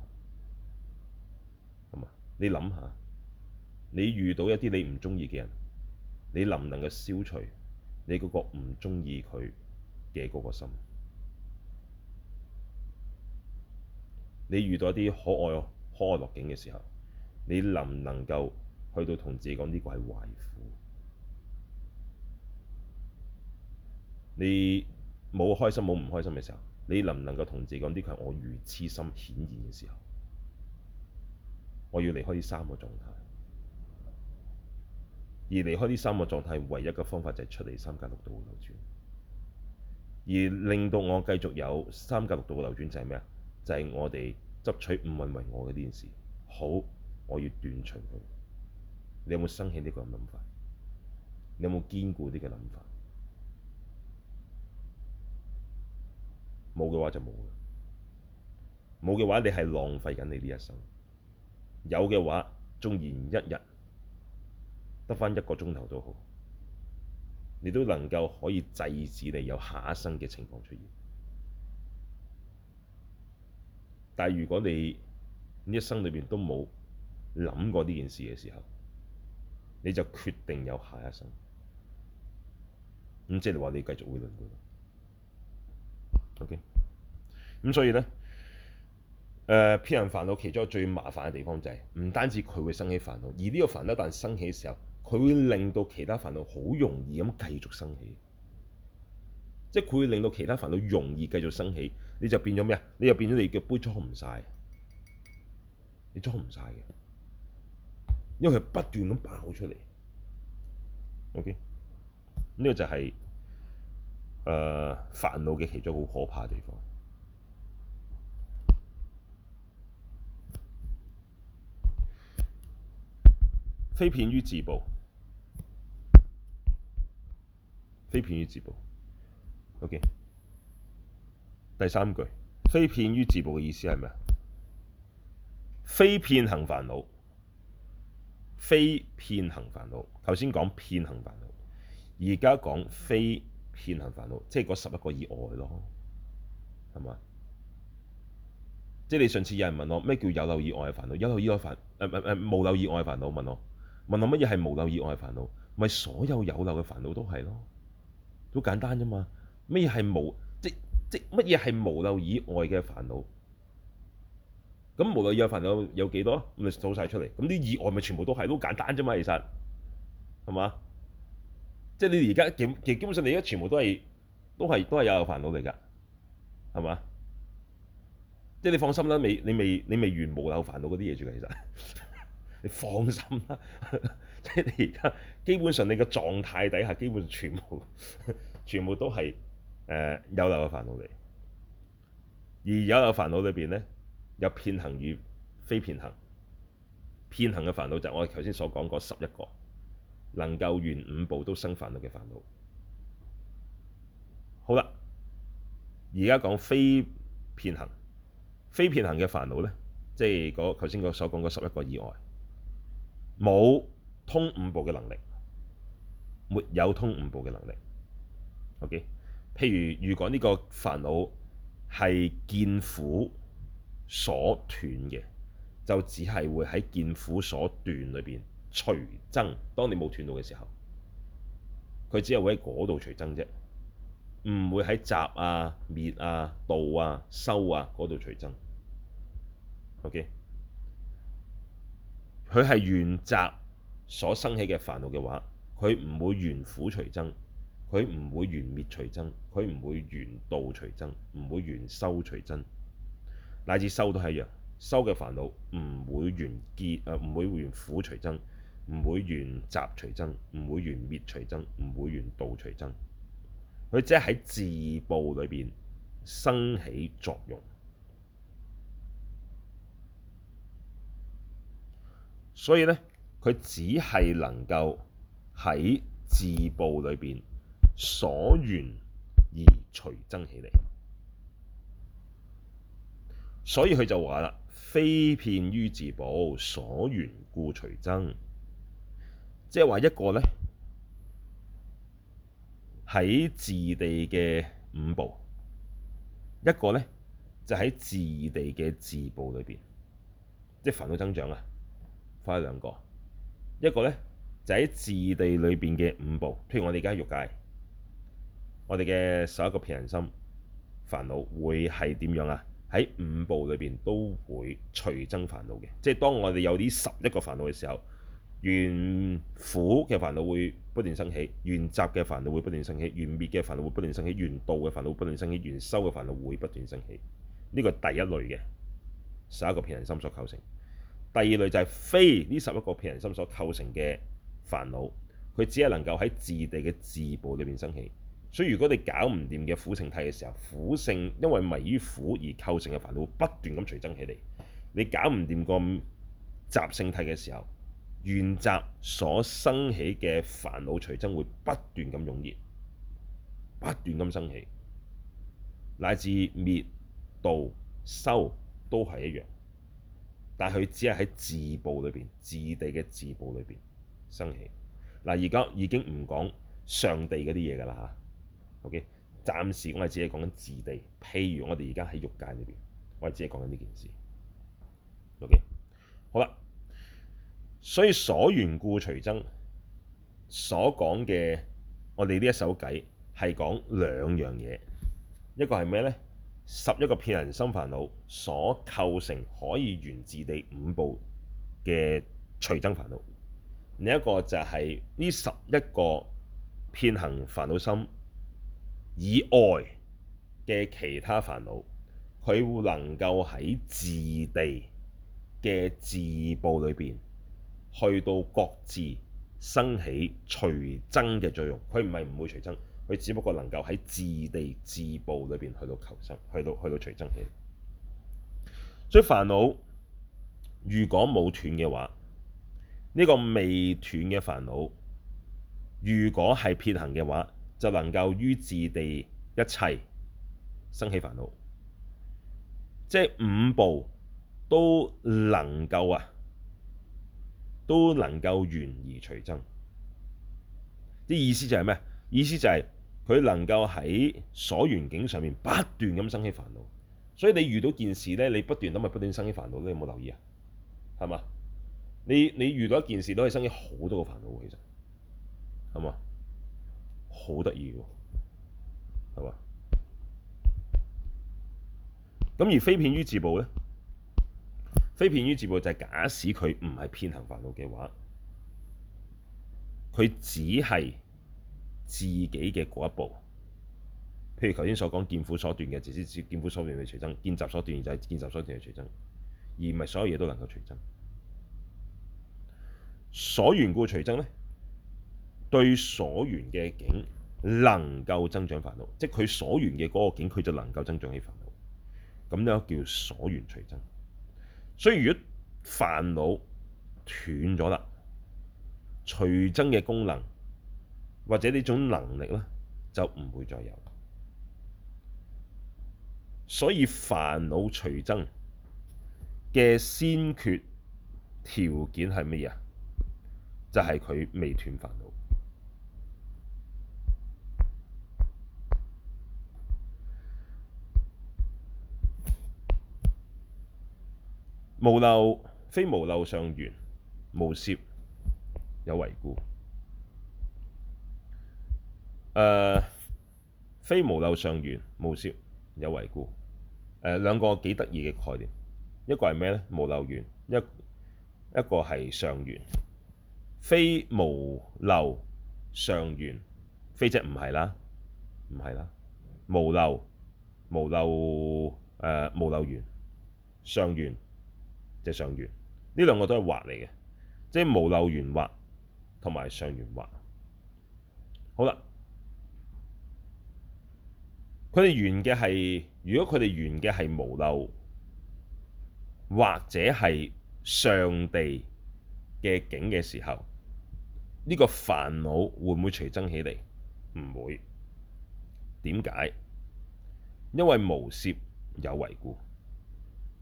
Speaker 1: 行。你諗下，你遇到一啲你唔中意嘅人，你能唔能夠消除你嗰個唔中意佢嘅嗰個心？你遇到一啲可愛、可愛落境嘅時候，你能唔能夠去到同自己講呢個係壞苦？你？冇開心冇唔開心嘅時候，你能唔能夠同自己講？呢個係我愚痴心顯現嘅時候，我要離開呢三個狀態。而離開呢三個狀態唯一嘅方法就係出嚟三界六道嘅流轉。而令到我繼續有三界六道嘅流轉就係咩啊？就係、是、我哋執取五蘊為我嘅呢件事。好，我要斷除佢。你有冇生起呢個諗法？你有冇堅固啲嘅諗法？冇嘅話就冇嘅，冇嘅話你係浪費緊你呢一生。有嘅話，縱然一日得返一個鐘頭都好，你都能夠可以制止你有下一生嘅情況出現。但係如果你呢一生裏面都冇諗過呢件事嘅時候，你就決定有下一生。咁即係話你繼續會輪迴。OK。咁所以咧，誒、呃、遍行煩惱其中最麻煩嘅地方就係、是、唔單止佢會生起煩惱，而呢個煩惱一旦生起嘅時候，佢會令到其他煩惱好容易咁繼續生起，即係佢會令到其他煩惱容易繼續生起，你就變咗咩啊？你就變咗你嘅杯裝唔晒，你裝唔晒嘅，因為佢不斷咁爆出嚟。OK，呢個就係、是、誒、呃、煩惱嘅其中好可怕嘅地方。非遍於自部，非遍於自部。OK，第三句，非遍於自部嘅意思係咩？非遍行煩惱，非遍行煩惱。頭先講遍行煩惱，而家講非遍行煩惱，即係嗰十一個以外咯，係嘛？即係你上次有人問我咩叫有漏以外嘅煩惱？有漏以外煩誒誒誒，無漏以外煩惱，問我。問我乜嘢係無漏以外嘅煩惱，咪所有有漏嘅煩惱都係咯，好簡單啫嘛。乜嘢係無，即即乜嘢係無漏以外嘅煩惱？咁無漏以外煩惱有幾多？咁咪數晒出嚟。咁啲意外咪全部都係，都簡單啫嘛。其實係嘛？即你而家其基本上你而家全部都係都係都係有漏煩惱嚟㗎，係嘛？即你放心啦，你你未你未，你未完無漏煩惱嗰啲嘢住㗎，其實。你放心啦，即係你而家基本上你個狀態底下，基本上全部全部都係誒、呃、有漏嘅煩惱嚟。而而家嘅煩惱裏邊咧，有遍行與非遍行。遍行嘅煩惱就係我頭先所講嗰十一個能夠緣五部都生煩惱嘅煩惱。好啦，而家講非遍行，非遍行嘅煩惱咧，即係嗰頭先嗰所講嗰十一個以外。冇通五部嘅能力，沒有通五部嘅能力。OK，譬如如果呢個煩惱係見苦所斷嘅，就只係會喺見苦所斷裏邊隨增。當你冇斷到嘅時候，佢只係會喺嗰度隨增啫，唔會喺集啊滅啊道啊修啊嗰度隨增。OK。佢係緣集所生起嘅煩惱嘅話，佢唔會緣苦隨增，佢唔會緣滅隨增，佢唔會緣道隨增，唔會緣修隨增，乃至修都係一樣，修嘅煩惱唔會緣結，唔、呃、會緣苦隨增，唔會緣集隨增，唔會緣滅隨增，唔會緣道隨增，佢只係喺自部裏邊生起作用。所以呢，佢只係能夠喺自部裏邊所緣而隨增起嚟。所以佢就話啦，非遍於自部，所緣故隨增，即係話一個呢，喺自地嘅五部，一個呢，就喺、是、自地嘅自部裏邊，即係煩惱增長啊！分兩個，一個呢就喺、是、自地裏邊嘅五部，譬如我哋而家喺欲界，我哋嘅十一個遍行心煩惱會係點樣啊？喺五部裏邊都會隨增煩惱嘅，即係當我哋有呢十一個煩惱嘅時候，緣苦嘅煩惱會不斷生起，緣集嘅煩惱會不斷生起，緣滅嘅煩惱會不斷生起，緣道嘅煩惱會不斷生起，緣修嘅煩惱會不斷生起，呢個第一類嘅十一個遍行心所構成。第二類就係非呢十一個遍行心所構成嘅煩惱，佢只係能夠喺自地嘅自部裏邊生起。所以如果你搞唔掂嘅苦性體嘅時候，苦性因為迷於苦而構成嘅煩惱不斷咁隨增起嚟；你搞唔掂個集性體嘅時候，緣集所生起嘅煩惱隨增會不斷咁湧現，不斷咁生起，乃至滅道修都係一樣。但係佢只係喺自部裏邊，自地嘅自部裏邊生起。嗱，而家已經唔講上地嗰啲嘢噶啦吓。OK，暫時我哋只係講緊自地，譬如我哋而家喺欲界裏邊，我哋只係講緊呢件事。OK，好啦，所以所緣故隨增，所講嘅我哋呢一首偈係講兩樣嘢，一個係咩咧？十一個遍行心煩惱所構成，可以緣自地五部嘅隨增煩惱，另一個就係呢十一個遍行煩惱心以外嘅其他煩惱，佢會能夠喺自地嘅自部裏邊去到各自生起隨增嘅作用，佢唔係唔會隨增。佢只不過能夠喺自地自部裏邊去到求生，去到去到隨增起，所以煩惱，如果冇斷嘅話，呢、這個未斷嘅煩惱，如果係遍行嘅話，就能夠於自地一切生起煩惱，即係五部都能夠啊，都能夠緣而隨增。啲意思就係咩？意思就係。佢能夠喺所緣境上面不斷咁生起煩惱，所以你遇到件事咧，你不斷咁咪不斷生起煩惱，你有冇留意啊？係嘛？你你遇到一件事都可以生起好多個煩惱，其實係嘛？好得意喎，係嘛？咁而非遍於自部咧，非遍於自部就係假使佢唔係遍行煩惱嘅話，佢只係。自己嘅嗰一部，譬如頭先所講見苦所斷嘅，就只係見苦所斷嘅隨增；見集所斷就係見集所斷嘅隨增，而唔係所有嘢都能夠隨增。所緣故隨增咧，對所緣嘅境能夠增長煩惱，即係佢所緣嘅嗰個境，佢就能夠增長起煩惱。咁咧叫所緣隨增。所以如果煩惱斷咗啦，隨增嘅功能。或者呢種能力呢，就唔會再有。所以煩惱隨增嘅先決條件係乜嘢？就係、是、佢未斷煩惱。無漏非無漏上緣，無攝有違故。誒、uh, 非無漏上緣，無攝有違故，誒、uh, 兩個幾得意嘅概念，一個係咩咧？無漏緣一一個係上緣。非無漏上緣，非即唔係啦，唔係啦，無漏無漏誒、呃、無漏緣上緣即、就是、上緣，呢兩個都係惑嚟嘅，即、就是、無漏緣惑同埋上緣惑。好啦。佢哋緣嘅係，如果佢哋緣嘅係無漏，或者係上地嘅境嘅時候，呢、這個煩惱會唔會隨增起嚟？唔會。點解？因為無攝有違故，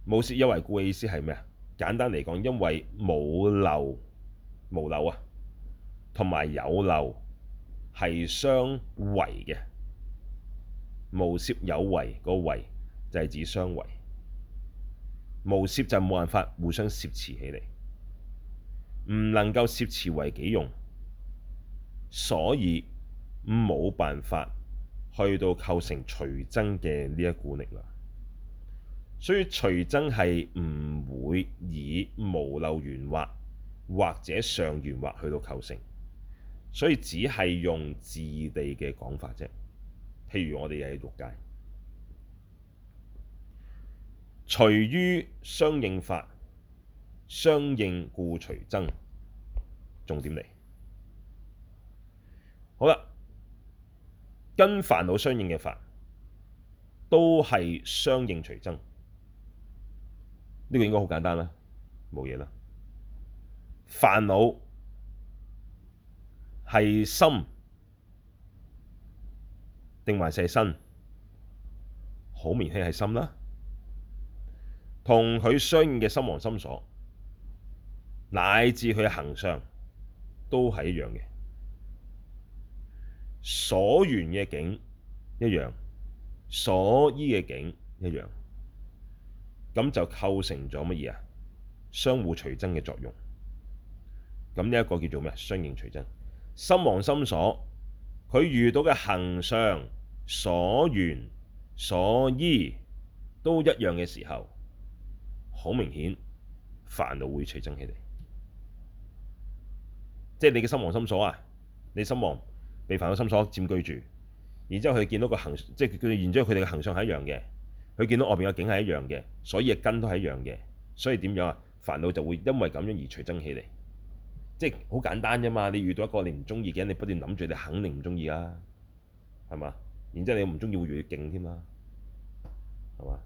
Speaker 1: 無攝有違故嘅意思係咩啊？簡單嚟講，因為冇漏、無漏啊，同埋有漏係相違嘅。無攝有違，那個違就係指相違，無攝就冇辦法互相攝持起嚟，唔能夠攝持為己用，所以冇辦法去到構成隨增嘅呢一股力量。所以隨增係唔會以無漏緣惑或者上緣惑去到構成，所以只係用自地嘅講法啫。譬如我哋嘅獄界，計，隨於相應法，相應故隨增，重點嚟。好啦，跟煩惱相應嘅法，都係相應隨增，呢個應該好簡單啦，冇嘢啦。煩惱係心。定埋蛇身，好綿氣係心啦，同佢相應嘅心王心所，乃至佢行相都係一樣嘅，所緣嘅境一樣，所依嘅境一樣，咁就構成咗乜嘢啊？相互隨增嘅作用，咁呢一個叫做咩？相應隨增，心王心所佢遇到嘅行相。所緣所依都一樣嘅時候，好明顯煩惱會隨增起嚟。即係你嘅心王心所啊，你心王被煩惱心所佔據住，然之後佢見到個行即係佢嘅行相，佢哋嘅行相係一樣嘅。佢見到外邊嘅景係一樣嘅，所以嘅根都係一樣嘅。所以點樣啊？煩惱就會因為咁樣而隨增起嚟。即係好簡單啫嘛。你遇到一個你唔中意嘅人，你不斷諗住，你肯定唔中意啦，係嘛？然之後你唔中意會越嚟越勁添嘛，係嘛？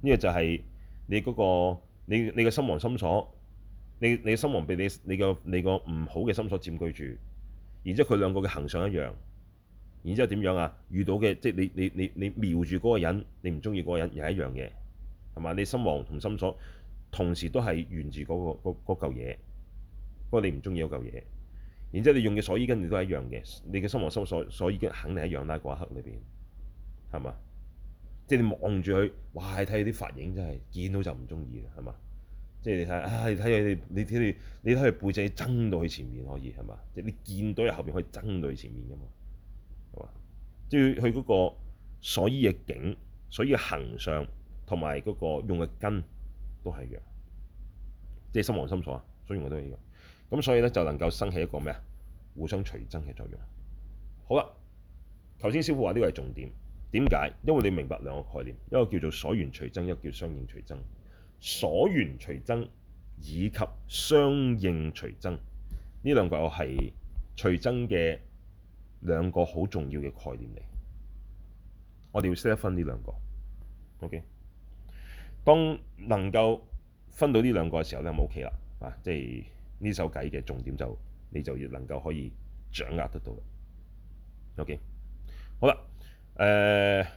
Speaker 1: 呢、這個就係你嗰、那個你你嘅心王心所，你你心王被你你個你個唔好嘅心所佔據住，然之後佢兩個嘅行相一樣，然之後點樣啊？遇到嘅即係你你你你瞄住嗰個人，你唔中意嗰個人又係一樣嘢，係嘛？你心王同心所同時都係緣住嗰個嗰嚿嘢，那個那個、不過你唔中意嗰嚿嘢。然之後你用嘅所依根，你都係一樣嘅。你嘅心王心所所依根肯定係一樣啦。嗰一刻裏邊係嘛？即係你望住佢，哇！睇佢啲髮型，真係見到就唔中意啦，係嘛？即係你睇，唉！睇佢哋，你睇佢，你睇佢背脊爭到去前面可以係嘛？即係你見到喺後面可以爭到去前面噶嘛？係嘛？即係佢嗰個所依嘅境、所依嘅行相，同埋嗰個用嘅根，都係一樣，即係心王心所啊！所以我都係一樣。咁所以咧，就能夠生起一個咩啊？互相隨增嘅作用。好啦，頭先師傅話呢個係重點。點解？因為你明白兩個概念，一個叫做所緣隨增，一個叫相應隨增。所緣隨增以及相應隨增呢兩個係隨增嘅兩個好重要嘅概念嚟。我哋要識得分呢兩個。OK，當能夠分到呢兩個嘅時候咧，就 OK 啦。啊，即係。呢首偈嘅重點就，你就越能夠可以掌握得到啦。OK，好啦，誒、呃、誒、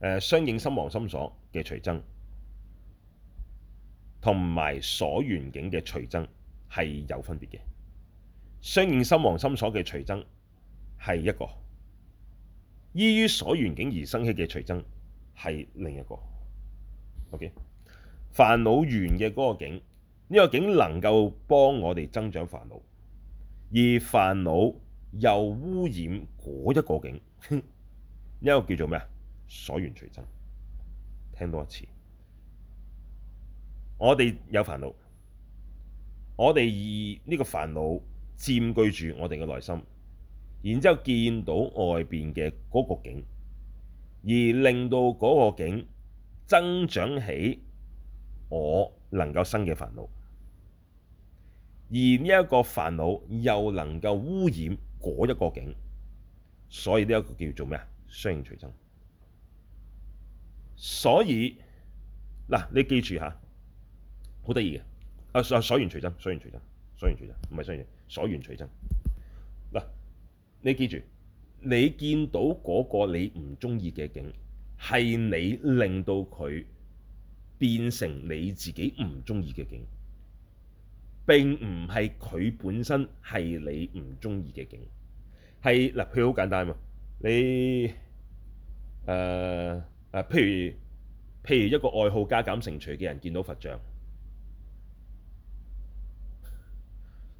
Speaker 1: 呃，相應心王心所嘅隨增，同埋所緣境嘅隨增係有分別嘅。相應心王心所嘅隨增係一個，依於所緣境而生起嘅隨增係另一個。OK，煩惱緣嘅嗰個境。呢個境能夠幫我哋增長煩惱，而煩惱又污染嗰一個境，呢、這個叫做咩啊？所緣隨增。聽多一次。我哋有煩惱，我哋以呢個煩惱佔據住我哋嘅內心，然之後見到外邊嘅嗰個境，而令到嗰個境增長起我能夠生嘅煩惱。而呢一個煩惱又能夠污染嗰一個境，所以呢一個叫做咩啊？相應隨增。所以嗱，你記住嚇，好得意嘅。啊，所緣隨增，所緣隨增，所緣隨增，唔係相應，所緣隨增。嗱，你記住，你見到嗰個你唔中意嘅境，係你令到佢變成你自己唔中意嘅境。並唔係佢本身係你唔中意嘅境，係嗱，譬如好簡單嘛。你誒、呃呃、譬如譬如一個愛好加減乘除嘅人，見到佛像，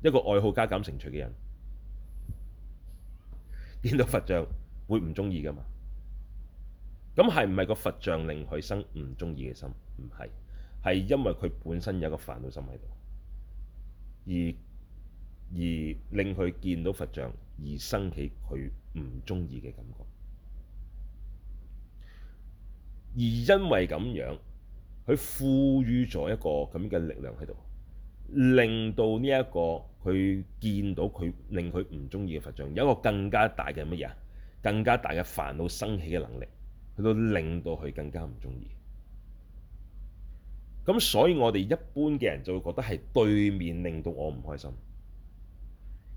Speaker 1: 一個愛好加減乘除嘅人見到佛像會唔中意㗎嘛？咁係唔係個佛像令佢生唔中意嘅心？唔係，係因為佢本身有個煩惱心喺度。而而令佢見到佛像而生起佢唔中意嘅感覺，而因為咁樣，佢賦予咗一個咁嘅力量喺度，令到呢一個佢見到佢令佢唔中意嘅佛像，有一個更加大嘅乜嘢？更加大嘅煩惱生起嘅能力，去到令到佢更加唔中意。咁所以我哋一般嘅人就會覺得係對面令到我唔開心，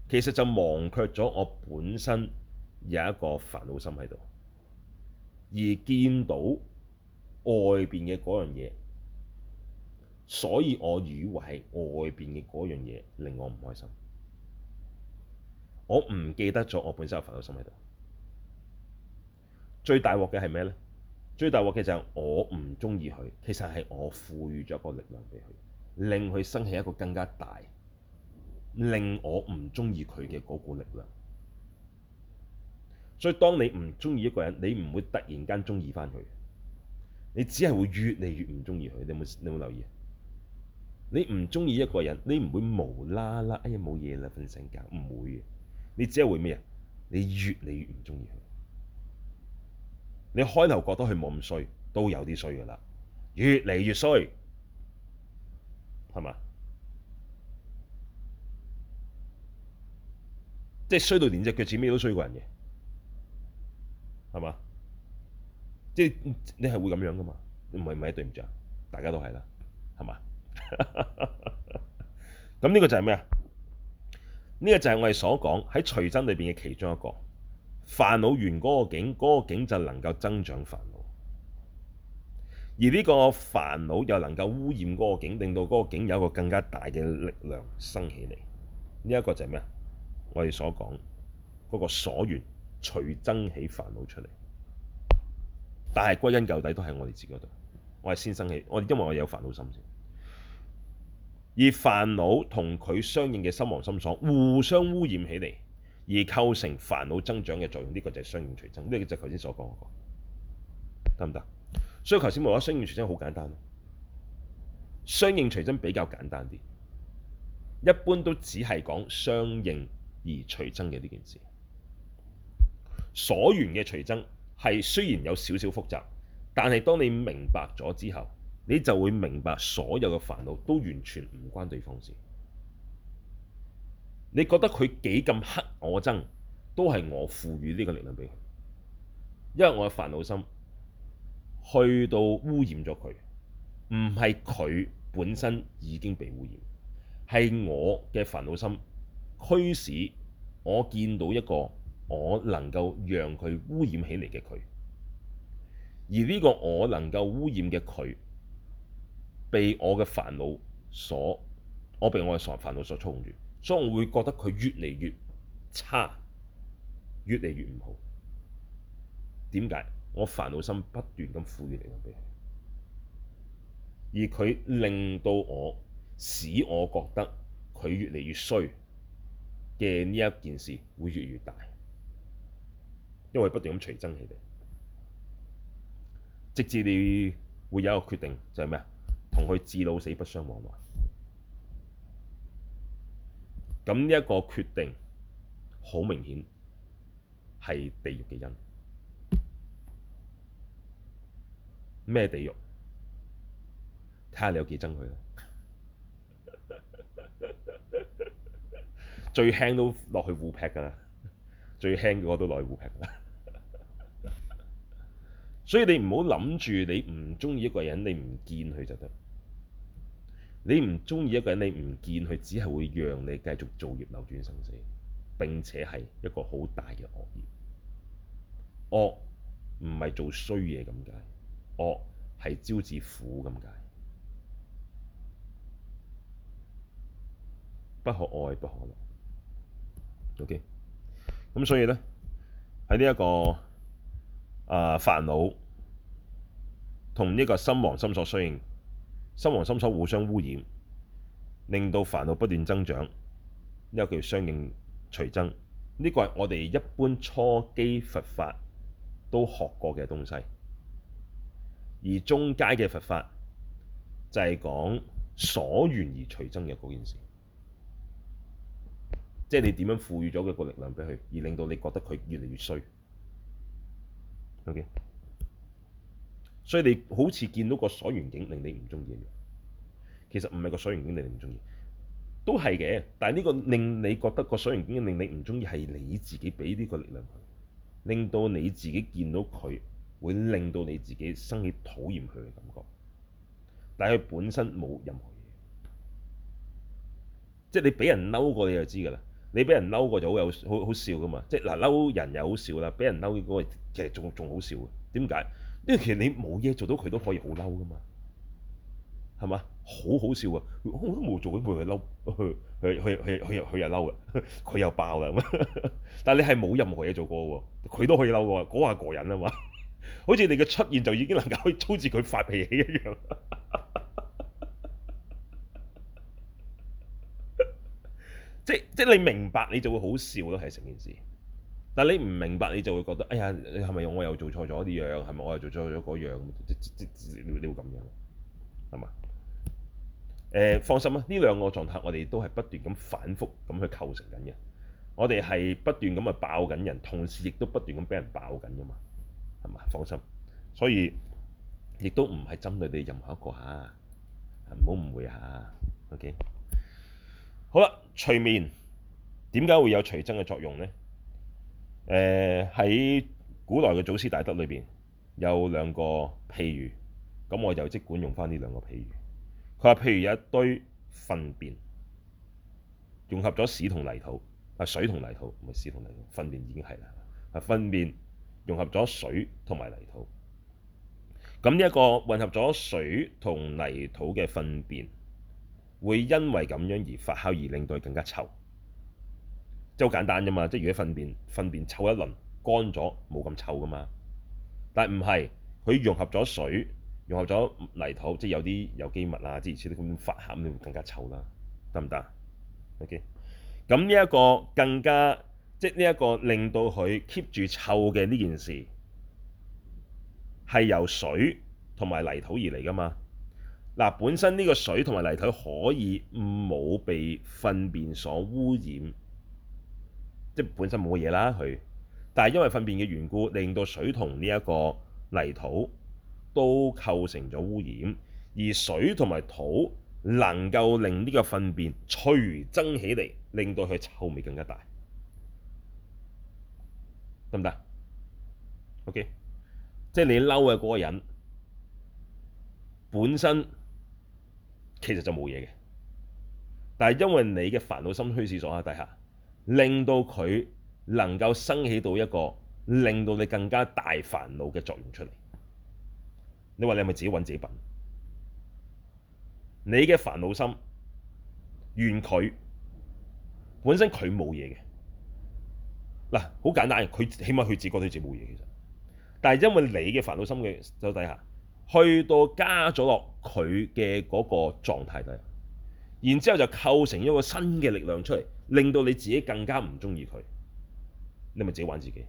Speaker 1: 其實就忘卻咗我本身有一個煩惱心喺度，而見到外邊嘅嗰樣嘢，所以我以為係外邊嘅嗰樣嘢令我唔開心，我唔記得咗我本身有煩惱心喺度，最大鑊嘅係咩咧？最大鑊嘅就係我唔中意佢，其實係我賦予咗一個力量俾佢，令佢生起一個更加大，令我唔中意佢嘅嗰股力量。所以當你唔中意一個人，你唔會突然間中意翻佢，你只係會越嚟越唔中意佢。你有冇你有冇留意啊？你唔中意一個人，你唔會無啦啦，哎呀，冇嘢啦，瞓醒覺，唔會嘅。你只係會咩啊？你越嚟越唔中意佢。你開頭覺得佢冇咁衰，都有啲衰噶啦，越嚟越衰，係嘛？即係衰到連隻腳趾尾都衰過人嘅，係、就是、嘛？即係你係會咁樣噶嘛？唔係唔係一對唔住，大家都係啦，係嘛？咁 呢個就係咩啊？呢、這個就係我哋所講喺隨眠裏邊嘅其中一個。煩惱緣嗰個境，嗰、那個境就能夠增長煩惱，而呢個煩惱又能夠污染嗰個境，令到嗰個境有一個更加大嘅力量生起嚟。呢、這、一個就係咩啊？我哋所講嗰、那個所緣隨增起煩惱出嚟，但係歸根究底都係我哋自己度。我係先生起，我因為我有煩惱心先，而煩惱同佢相應嘅心王心所互相污染起嚟。而構成煩惱增長嘅作用，呢個就係相應隨增，呢個就係頭先所講嗰個，得唔得？所以頭先冇話相應隨增好簡單，相應隨增比較簡單啲，一般都只係講相應而隨增嘅呢件事。所緣嘅隨增係雖然有少少複雜，但係當你明白咗之後，你就會明白所有嘅煩惱都完全唔關對方事。你覺得佢幾咁黑我憎，都係我賦予呢個力量畀佢，因為我嘅煩惱心去到污染咗佢，唔係佢本身已經被污染，係我嘅煩惱心驅使我見到一個我能夠讓佢污染起嚟嘅佢，而呢個我能夠污染嘅佢，被我嘅煩惱所，我被我嘅煩惱所沖住。所以我會覺得佢越嚟越差，越嚟越唔好。點解？我煩惱心不斷咁苦予嚟嘅，而佢令到我使我覺得佢越嚟越衰嘅呢一件事會越嚟越大，因為不斷咁隨增起嚟，直至你會有一個決定，就係咩啊？同佢至老死不相往來。咁呢一個決定好明顯係地獄嘅因，咩地獄？睇下你有幾憎佢， 最輕都落去互劈㗎啦，最輕嘅我都落去互劈㗎啦。所以你唔好諗住你唔鍾意一個人，你唔見佢就得。你唔鍾意一個人，你唔見佢，只係會讓你繼續造業、流轉生死，並且係一個好大嘅惡業。惡唔係做衰嘢咁解，惡係招致苦咁解。不可愛，不可樂。OK，咁所以呢，喺呢一個啊、呃、煩惱同呢個心王心所相應。心王心所互相污染，令到煩惱不斷增長，呢、這個叫相應隨增。呢、這個係我哋一般初基佛法都學過嘅東西，而中階嘅佛法就係講所緣而隨增嘅嗰件事，即係你點樣賦予咗佢個力量畀佢，而令到你覺得佢越嚟越衰。OK。所以你好似見到個所緣境令你唔中意一樣，其實唔係個所緣境令你唔中意，都係嘅。但係呢個令你覺得個所緣境令你唔中意係你自己俾呢個力量，佢，令到你自己見到佢，會令到你自己生起討厭佢嘅感覺。但係佢本身冇任何嘢，即係你俾人嬲過你就知㗎啦。你俾人嬲過就好有好好笑㗎嘛。即係嗱嬲人又好笑啦，俾人嬲嗰個其實仲仲好笑嘅。點解？因為其實你冇嘢做到，佢都可以好嬲㗎嘛，係嘛？好好笑啊！我都冇做，佢佢嬲，去去去去去又嬲嘅，佢又爆啦。 但係你係冇任何嘢做過喎，佢都可以嬲喎，嗰、嗰個係過癮啊嘛！ 好似你嘅出現就已經能夠去操住佢發脾氣一樣 即。即即你明白，你就會好笑咯，係成件事。但你唔明白，你就會覺得，哎呀，你係咪我又做錯咗啲樣？係咪我又做錯咗嗰樣？你會咁樣係嘛？誒、呃，放心啊！呢兩個狀態，我哋都係不斷咁反覆咁去構成緊嘅。我哋係不斷咁去爆緊人，同時亦都不斷咁俾人爆緊㗎嘛。係嘛？放心，所以亦都唔係針對你任何一個嚇，唔好誤會嚇。O、okay? K，好啦，隨眠，點解會有隨增嘅作用咧？誒喺，呃、古代嘅祖師大德裏邊，有兩個譬喻，咁我就即管用返呢兩個譬喻。佢話譬如有一堆糞便，融合咗屎同泥土啊，水同泥土，唔係屎同泥土，糞便已經係啦。啊糞便融合咗水同埋泥土，咁呢一個混合咗水同泥土嘅糞便，會因為咁樣而發酵而令到佢更加臭。好簡單啫嘛，即係如果糞便，糞便臭一輪，乾咗冇咁臭噶嘛。但係唔係佢融合咗水、融合咗泥土，即係有啲有機物啊，即似啲咁發酵咁更加臭啦，得唔得？OK，咁呢一個更加即係呢一個令到佢 keep 住臭嘅呢件事係由水同埋泥土而嚟噶嘛。嗱，本身呢個水同埋泥土可以冇被糞便所污染。本身冇嘢啦，佢，但係因為糞便嘅緣故，令到水同呢一個泥土都構成咗污染，而水同埋土能夠令呢個糞便隨增起嚟，令到佢臭味更加大，得唔得？OK，即係你嬲嘅嗰個人本身其實就冇嘢嘅，但係因為你嘅煩惱心虛使所喺底下。令到佢能夠生起到一個令到你更加大煩惱嘅作用出嚟，你話你係咪自己揾自己笨？你嘅煩惱心怨佢本身佢冇嘢嘅嗱，好簡單，佢起碼佢自己覺得自己冇嘢其實，但係因為你嘅煩惱心嘅手底下，去到加咗落佢嘅嗰個狀態底下，然之後就構成一個新嘅力量出嚟。令到你自己更加唔鍾意佢，你咪自己玩自己。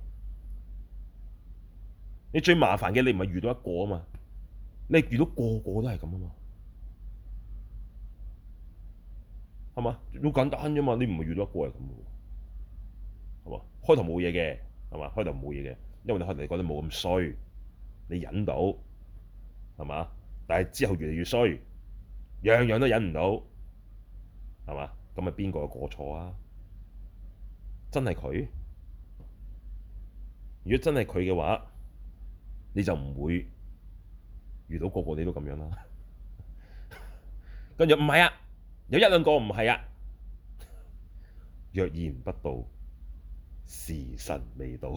Speaker 1: 你最麻煩嘅，你唔係遇到一個啊嘛，你遇到個個都係咁啊嘛，係嘛？好簡單啫嘛，你唔係遇到一個係咁嘅，係嘛？開頭冇嘢嘅，係嘛？開頭冇嘢嘅，因為你開頭你覺得冇咁衰，你忍到係嘛？但係之後越嚟越衰，樣樣都忍唔到係嘛？咁係邊個嘅過錯啊？真係佢？如果真係佢嘅話，你就唔會遇到個個你都咁樣啦。 跟住唔係啊，有一兩個唔係啊。若然不到，時辰未到，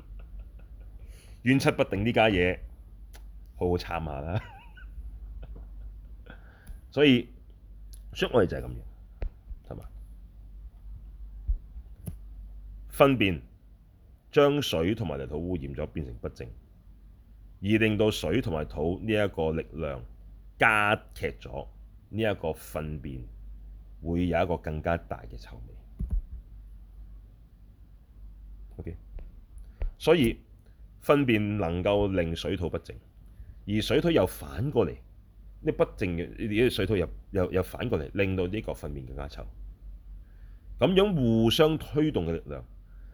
Speaker 1: 冤屈不定呢家嘢，好好參下啦。 所以。所以我哋就係咁樣，係嘛？糞便將水同埋泥土污染咗，變成不淨，而令到水同埋土呢一個力量加劇咗，呢一個糞便會有一個更加大嘅臭味。O.K.，所以糞便能夠令水土不淨，而水土又反過嚟。啲不淨嘅水土又又又反過嚟，令到呢個糞便更加臭。咁樣互相推動嘅力量，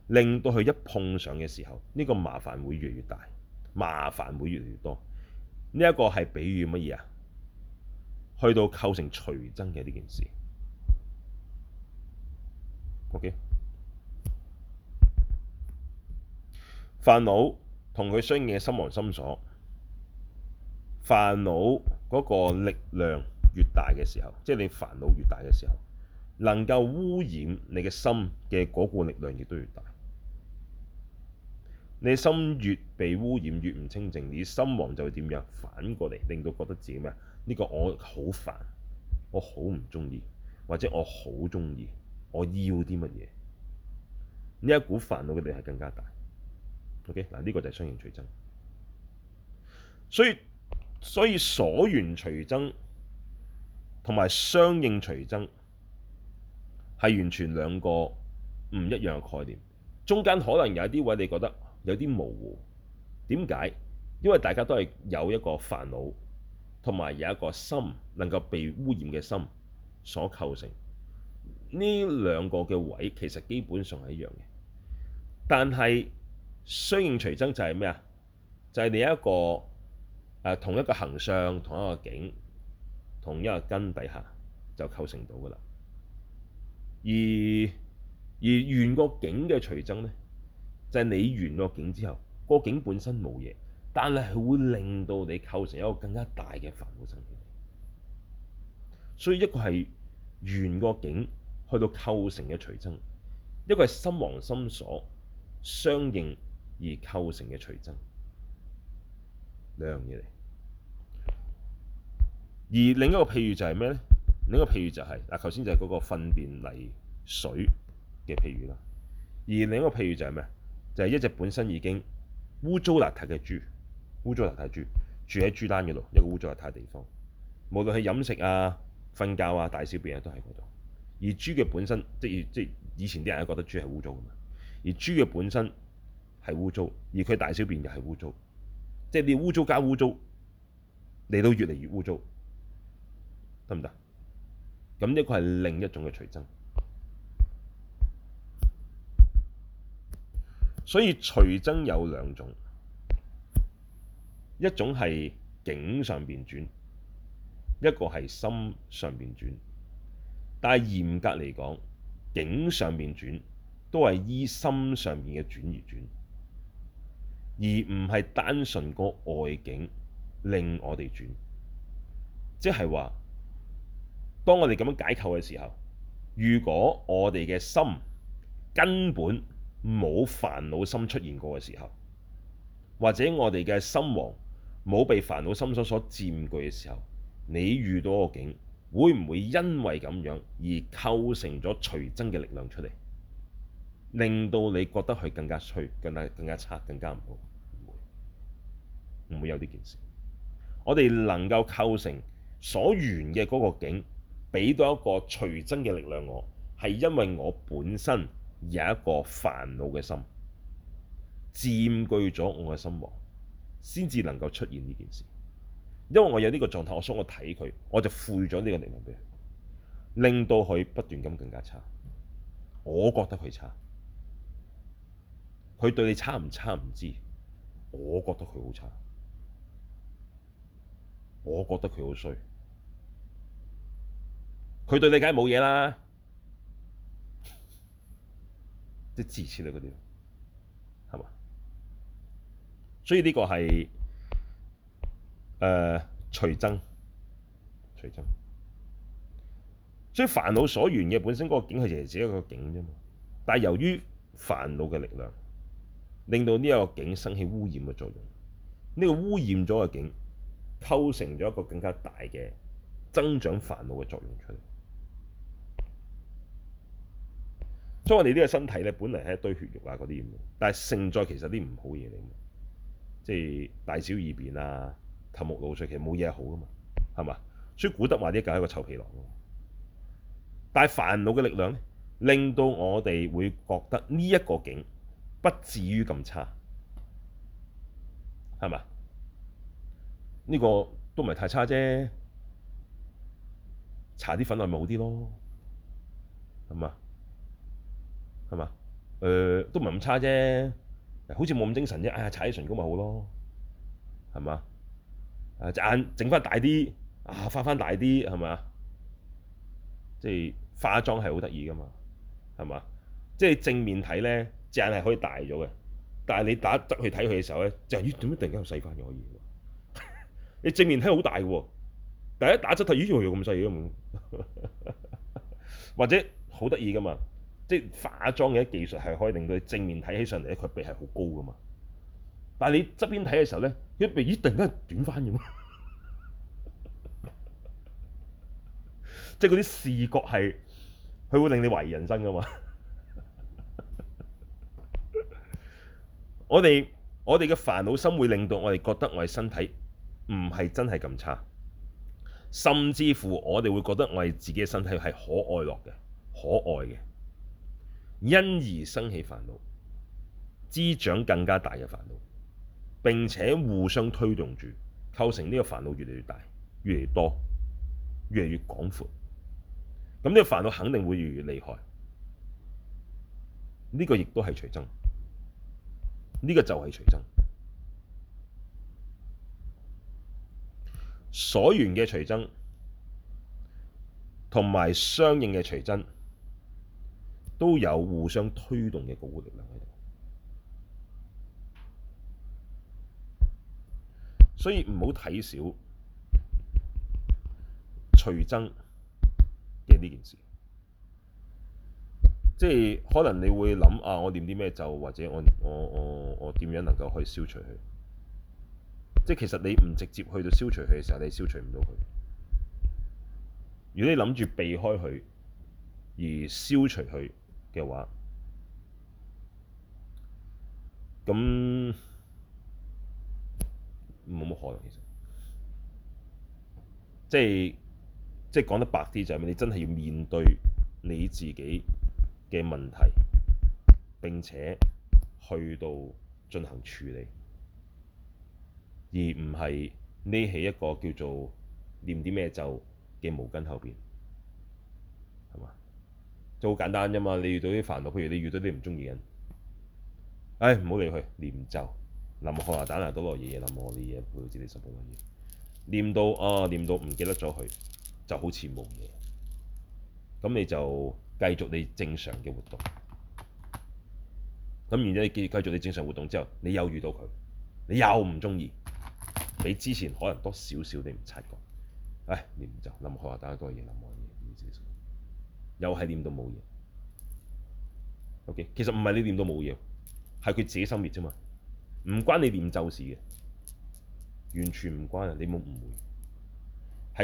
Speaker 1: 令到佢一碰上嘅時候，呢、這個麻煩會越嚟越大，麻煩會越嚟越多。呢一個係比喻乜嘢啊？去到構成隨增嘅呢件事。OK，煩惱同佢相應嘅心王心所。煩惱嗰個力量越大嘅時候，即係你煩惱越大嘅時候，能夠污染你嘅心嘅嗰股力量亦都越大。你心越被污染越唔清淨，你心王就會點樣？反過嚟令到覺得自己咩？呢、這個我好煩，我好唔鍾意，或者我好鍾意，我要啲乜嘢？呢一股煩惱嘅力係更加大。OK 嗱，呢個就係相應隨增，所以。所以所緣隨增同埋相應隨增係完全兩個唔一樣嘅概念。中間可能有啲位你覺得有啲模糊，點解？因為大家都係有一個煩惱，同埋有一個心能夠被污染嘅心所構成。呢兩個嘅位其實基本上係一樣嘅，但係相應隨增就係咩啊？就係、是、你一個。同一個行相，同一個境，同一個根底下就構成到㗎喇。而而完個境嘅隨增呢，就係、是、你完個境之後，這個境本身冇嘢，但係係會令到你構成一個更加大嘅煩惱增。所以一個係完個境去到構成嘅隨增，一個係心王心所相應而構成嘅隨增，兩樣嘢嚟。而另一個譬喻就係咩咧？另一個譬喻就係、是、嗱，頭、啊、先就係嗰個糞便泥水嘅譬喻啦。而另一個譬喻就係咩？就係、是、一隻本身已經污糟邋遢嘅豬，污糟邋遢豬住喺豬欄嗰度，一個污糟邋遢嘅地方。無論係飲食啊、瞓覺啊、大小便啊，都喺嗰度。而豬嘅本身即係即係以前啲人都覺得豬係污糟嘅嘛。而豬嘅本身係污糟，而佢大小便又係污糟，即係你污糟加污糟，你都越嚟越污糟。得唔得？咁呢個係另一種嘅隨增，所以隨增有兩種，一種係境上面轉，一個係心,心上面轉。但係嚴格嚟講，境上面轉都係依心上面嘅轉而轉，而唔係單純個外境令我哋轉，即係話。當我哋咁樣解構嘅時候，如果我哋嘅心根本冇煩惱心出現過嘅時候，或者我哋嘅心王冇被煩惱心所所佔據嘅時候，你遇到個境，會唔會因為咁樣而構成咗隨增嘅力量出嚟，令到你覺得佢更加脆、更加更加差、更加唔好？唔會，唔會有呢件事。我哋能夠構成所緣嘅嗰個境，俾到一個隨增嘅力量，我係因為我本身有一個煩惱嘅心，佔據咗我嘅心先至能夠出現呢件事。因為我有呢個狀態，我想我睇佢，我就賦予咗呢個力量俾佢，令到佢不斷咁更加差。我覺得佢差，佢對你差唔差唔知，我覺得佢好差，我覺得佢好衰。佢對你梗係冇嘢啦，即字詞啊嗰啲，係嘛？所以呢個係誒隨增隨增。所以煩惱所緣嘅本身嗰個境係就係只一個境啫嘛。但係由於煩惱嘅力量，令到呢一個境生起污染嘅作用，呢個污染咗嘅境構成咗一個更加大嘅增長煩惱嘅作用出嚟。所以我哋呢個身體咧，本嚟係一堆血肉啊，嗰啲咁。但係盛載其實啲唔好嘢嚟嘅，即係大小二便啊、頭目腦髓，其實冇嘢好噶嘛，係嘛？所以古德話呢個係一個臭皮囊。但係煩惱嘅力量咧，令到我哋會覺得呢一個境不至於咁差，係嘛？呢、這個都唔係太差啫，搽啲粉內咪好啲咯，係嘛？係嘛？誒、呃、都唔係咁差啫，好似冇咁精神啫。哎呀，搽啲唇膏咪好咯，係、呃啊、嘛？誒隻眼整翻大啲，啊化翻大啲係咪？即係化妝係好得意噶嘛，係嘛？即係正面睇咧，隻眼係可以大咗嘅。但係你打側去睇佢嘅時候咧，就咦點解突然間又細翻咗嘅？你正面睇好大嘅喎，但係一打側睇，咦又咁細嘅咁， 或者好得意噶嘛？即係化妝嘅技術係可以令到正面睇起上嚟咧，佢鼻係好高噶嘛。但係你側邊睇嘅時候咧，佢鼻，咦突然間短翻咁， 即係嗰啲視覺係佢會令你懷疑人生噶嘛。 我哋我哋嘅煩惱心會令到我哋覺得我哋身體唔係真係咁差，甚至乎我哋會覺得我哋自己嘅身體係可愛落嘅，可愛嘅。因而生起煩惱，滋長更加大嘅煩惱，並且互相推動住，構成呢個煩惱越嚟越大、越嚟越多、越嚟越廣闊。咁呢個煩惱肯定會越嚟越厲害。呢個亦都係隨增，呢個就係隨增，所緣嘅隨增，同埋相應嘅隨增。都有互相推動嘅嗰活力，所以唔好睇小隨增嘅呢件事。即係可能你會諗啊，「我念啲咩咒？」或者我我我我點樣能夠可以消除佢？即係其實你唔直接去到消除佢嘅時候，你消除唔到佢。如果你諗住避開佢而消除佢嘅話，咁冇乜可能，其實，即係即係講得白啲就係咩？你真係要面對你自己嘅問題，並且去到進行處理，而唔係匿喺一個叫做念啲咩咒嘅毛巾後邊。就好簡單啫嘛！你遇到啲煩惱，譬如你遇到啲唔中意人，唉，唔好理佢，念咒，下汗啊、蛋啊都落，諗下我啲嘢，陪住你十步兩步，唸到啊，念到唔記得咗佢，就好似冇嘢。咁你就繼續你正常嘅活動。咁然之後，你繼續你正常活動之後，你又遇到佢，你又唔中意，比之前可能多少少你唔察覺。唉，念咒，諗下啊、蛋啊都落，夜夜又係念到冇嘢，OK。其實唔係你念到冇嘢，係佢自己生滅啫嘛，唔關你念咒事嘅，完全唔關啊！你冇誤會，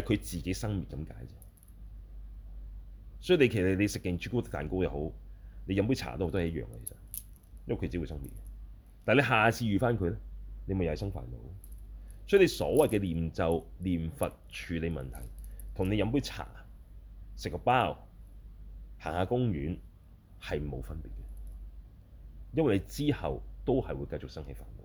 Speaker 1: 係佢自己生滅咁解啫。所以你其實你食件朱古力蛋糕又好，你飲杯茶都好都係一樣嘅，其實，因為佢只會生滅。但係你下次遇翻佢咧，你咪又係生煩惱。所以你所謂嘅念咒、念佛處理問題，同你飲杯茶、食個包。行下公園係冇分別嘅，因為你之後都係會繼續生起煩惱，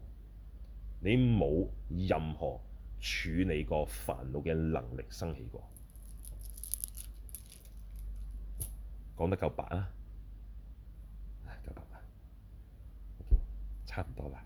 Speaker 1: 你冇任何處理過煩惱嘅能力生起過，講得夠白啊？夠白，差唔多啦，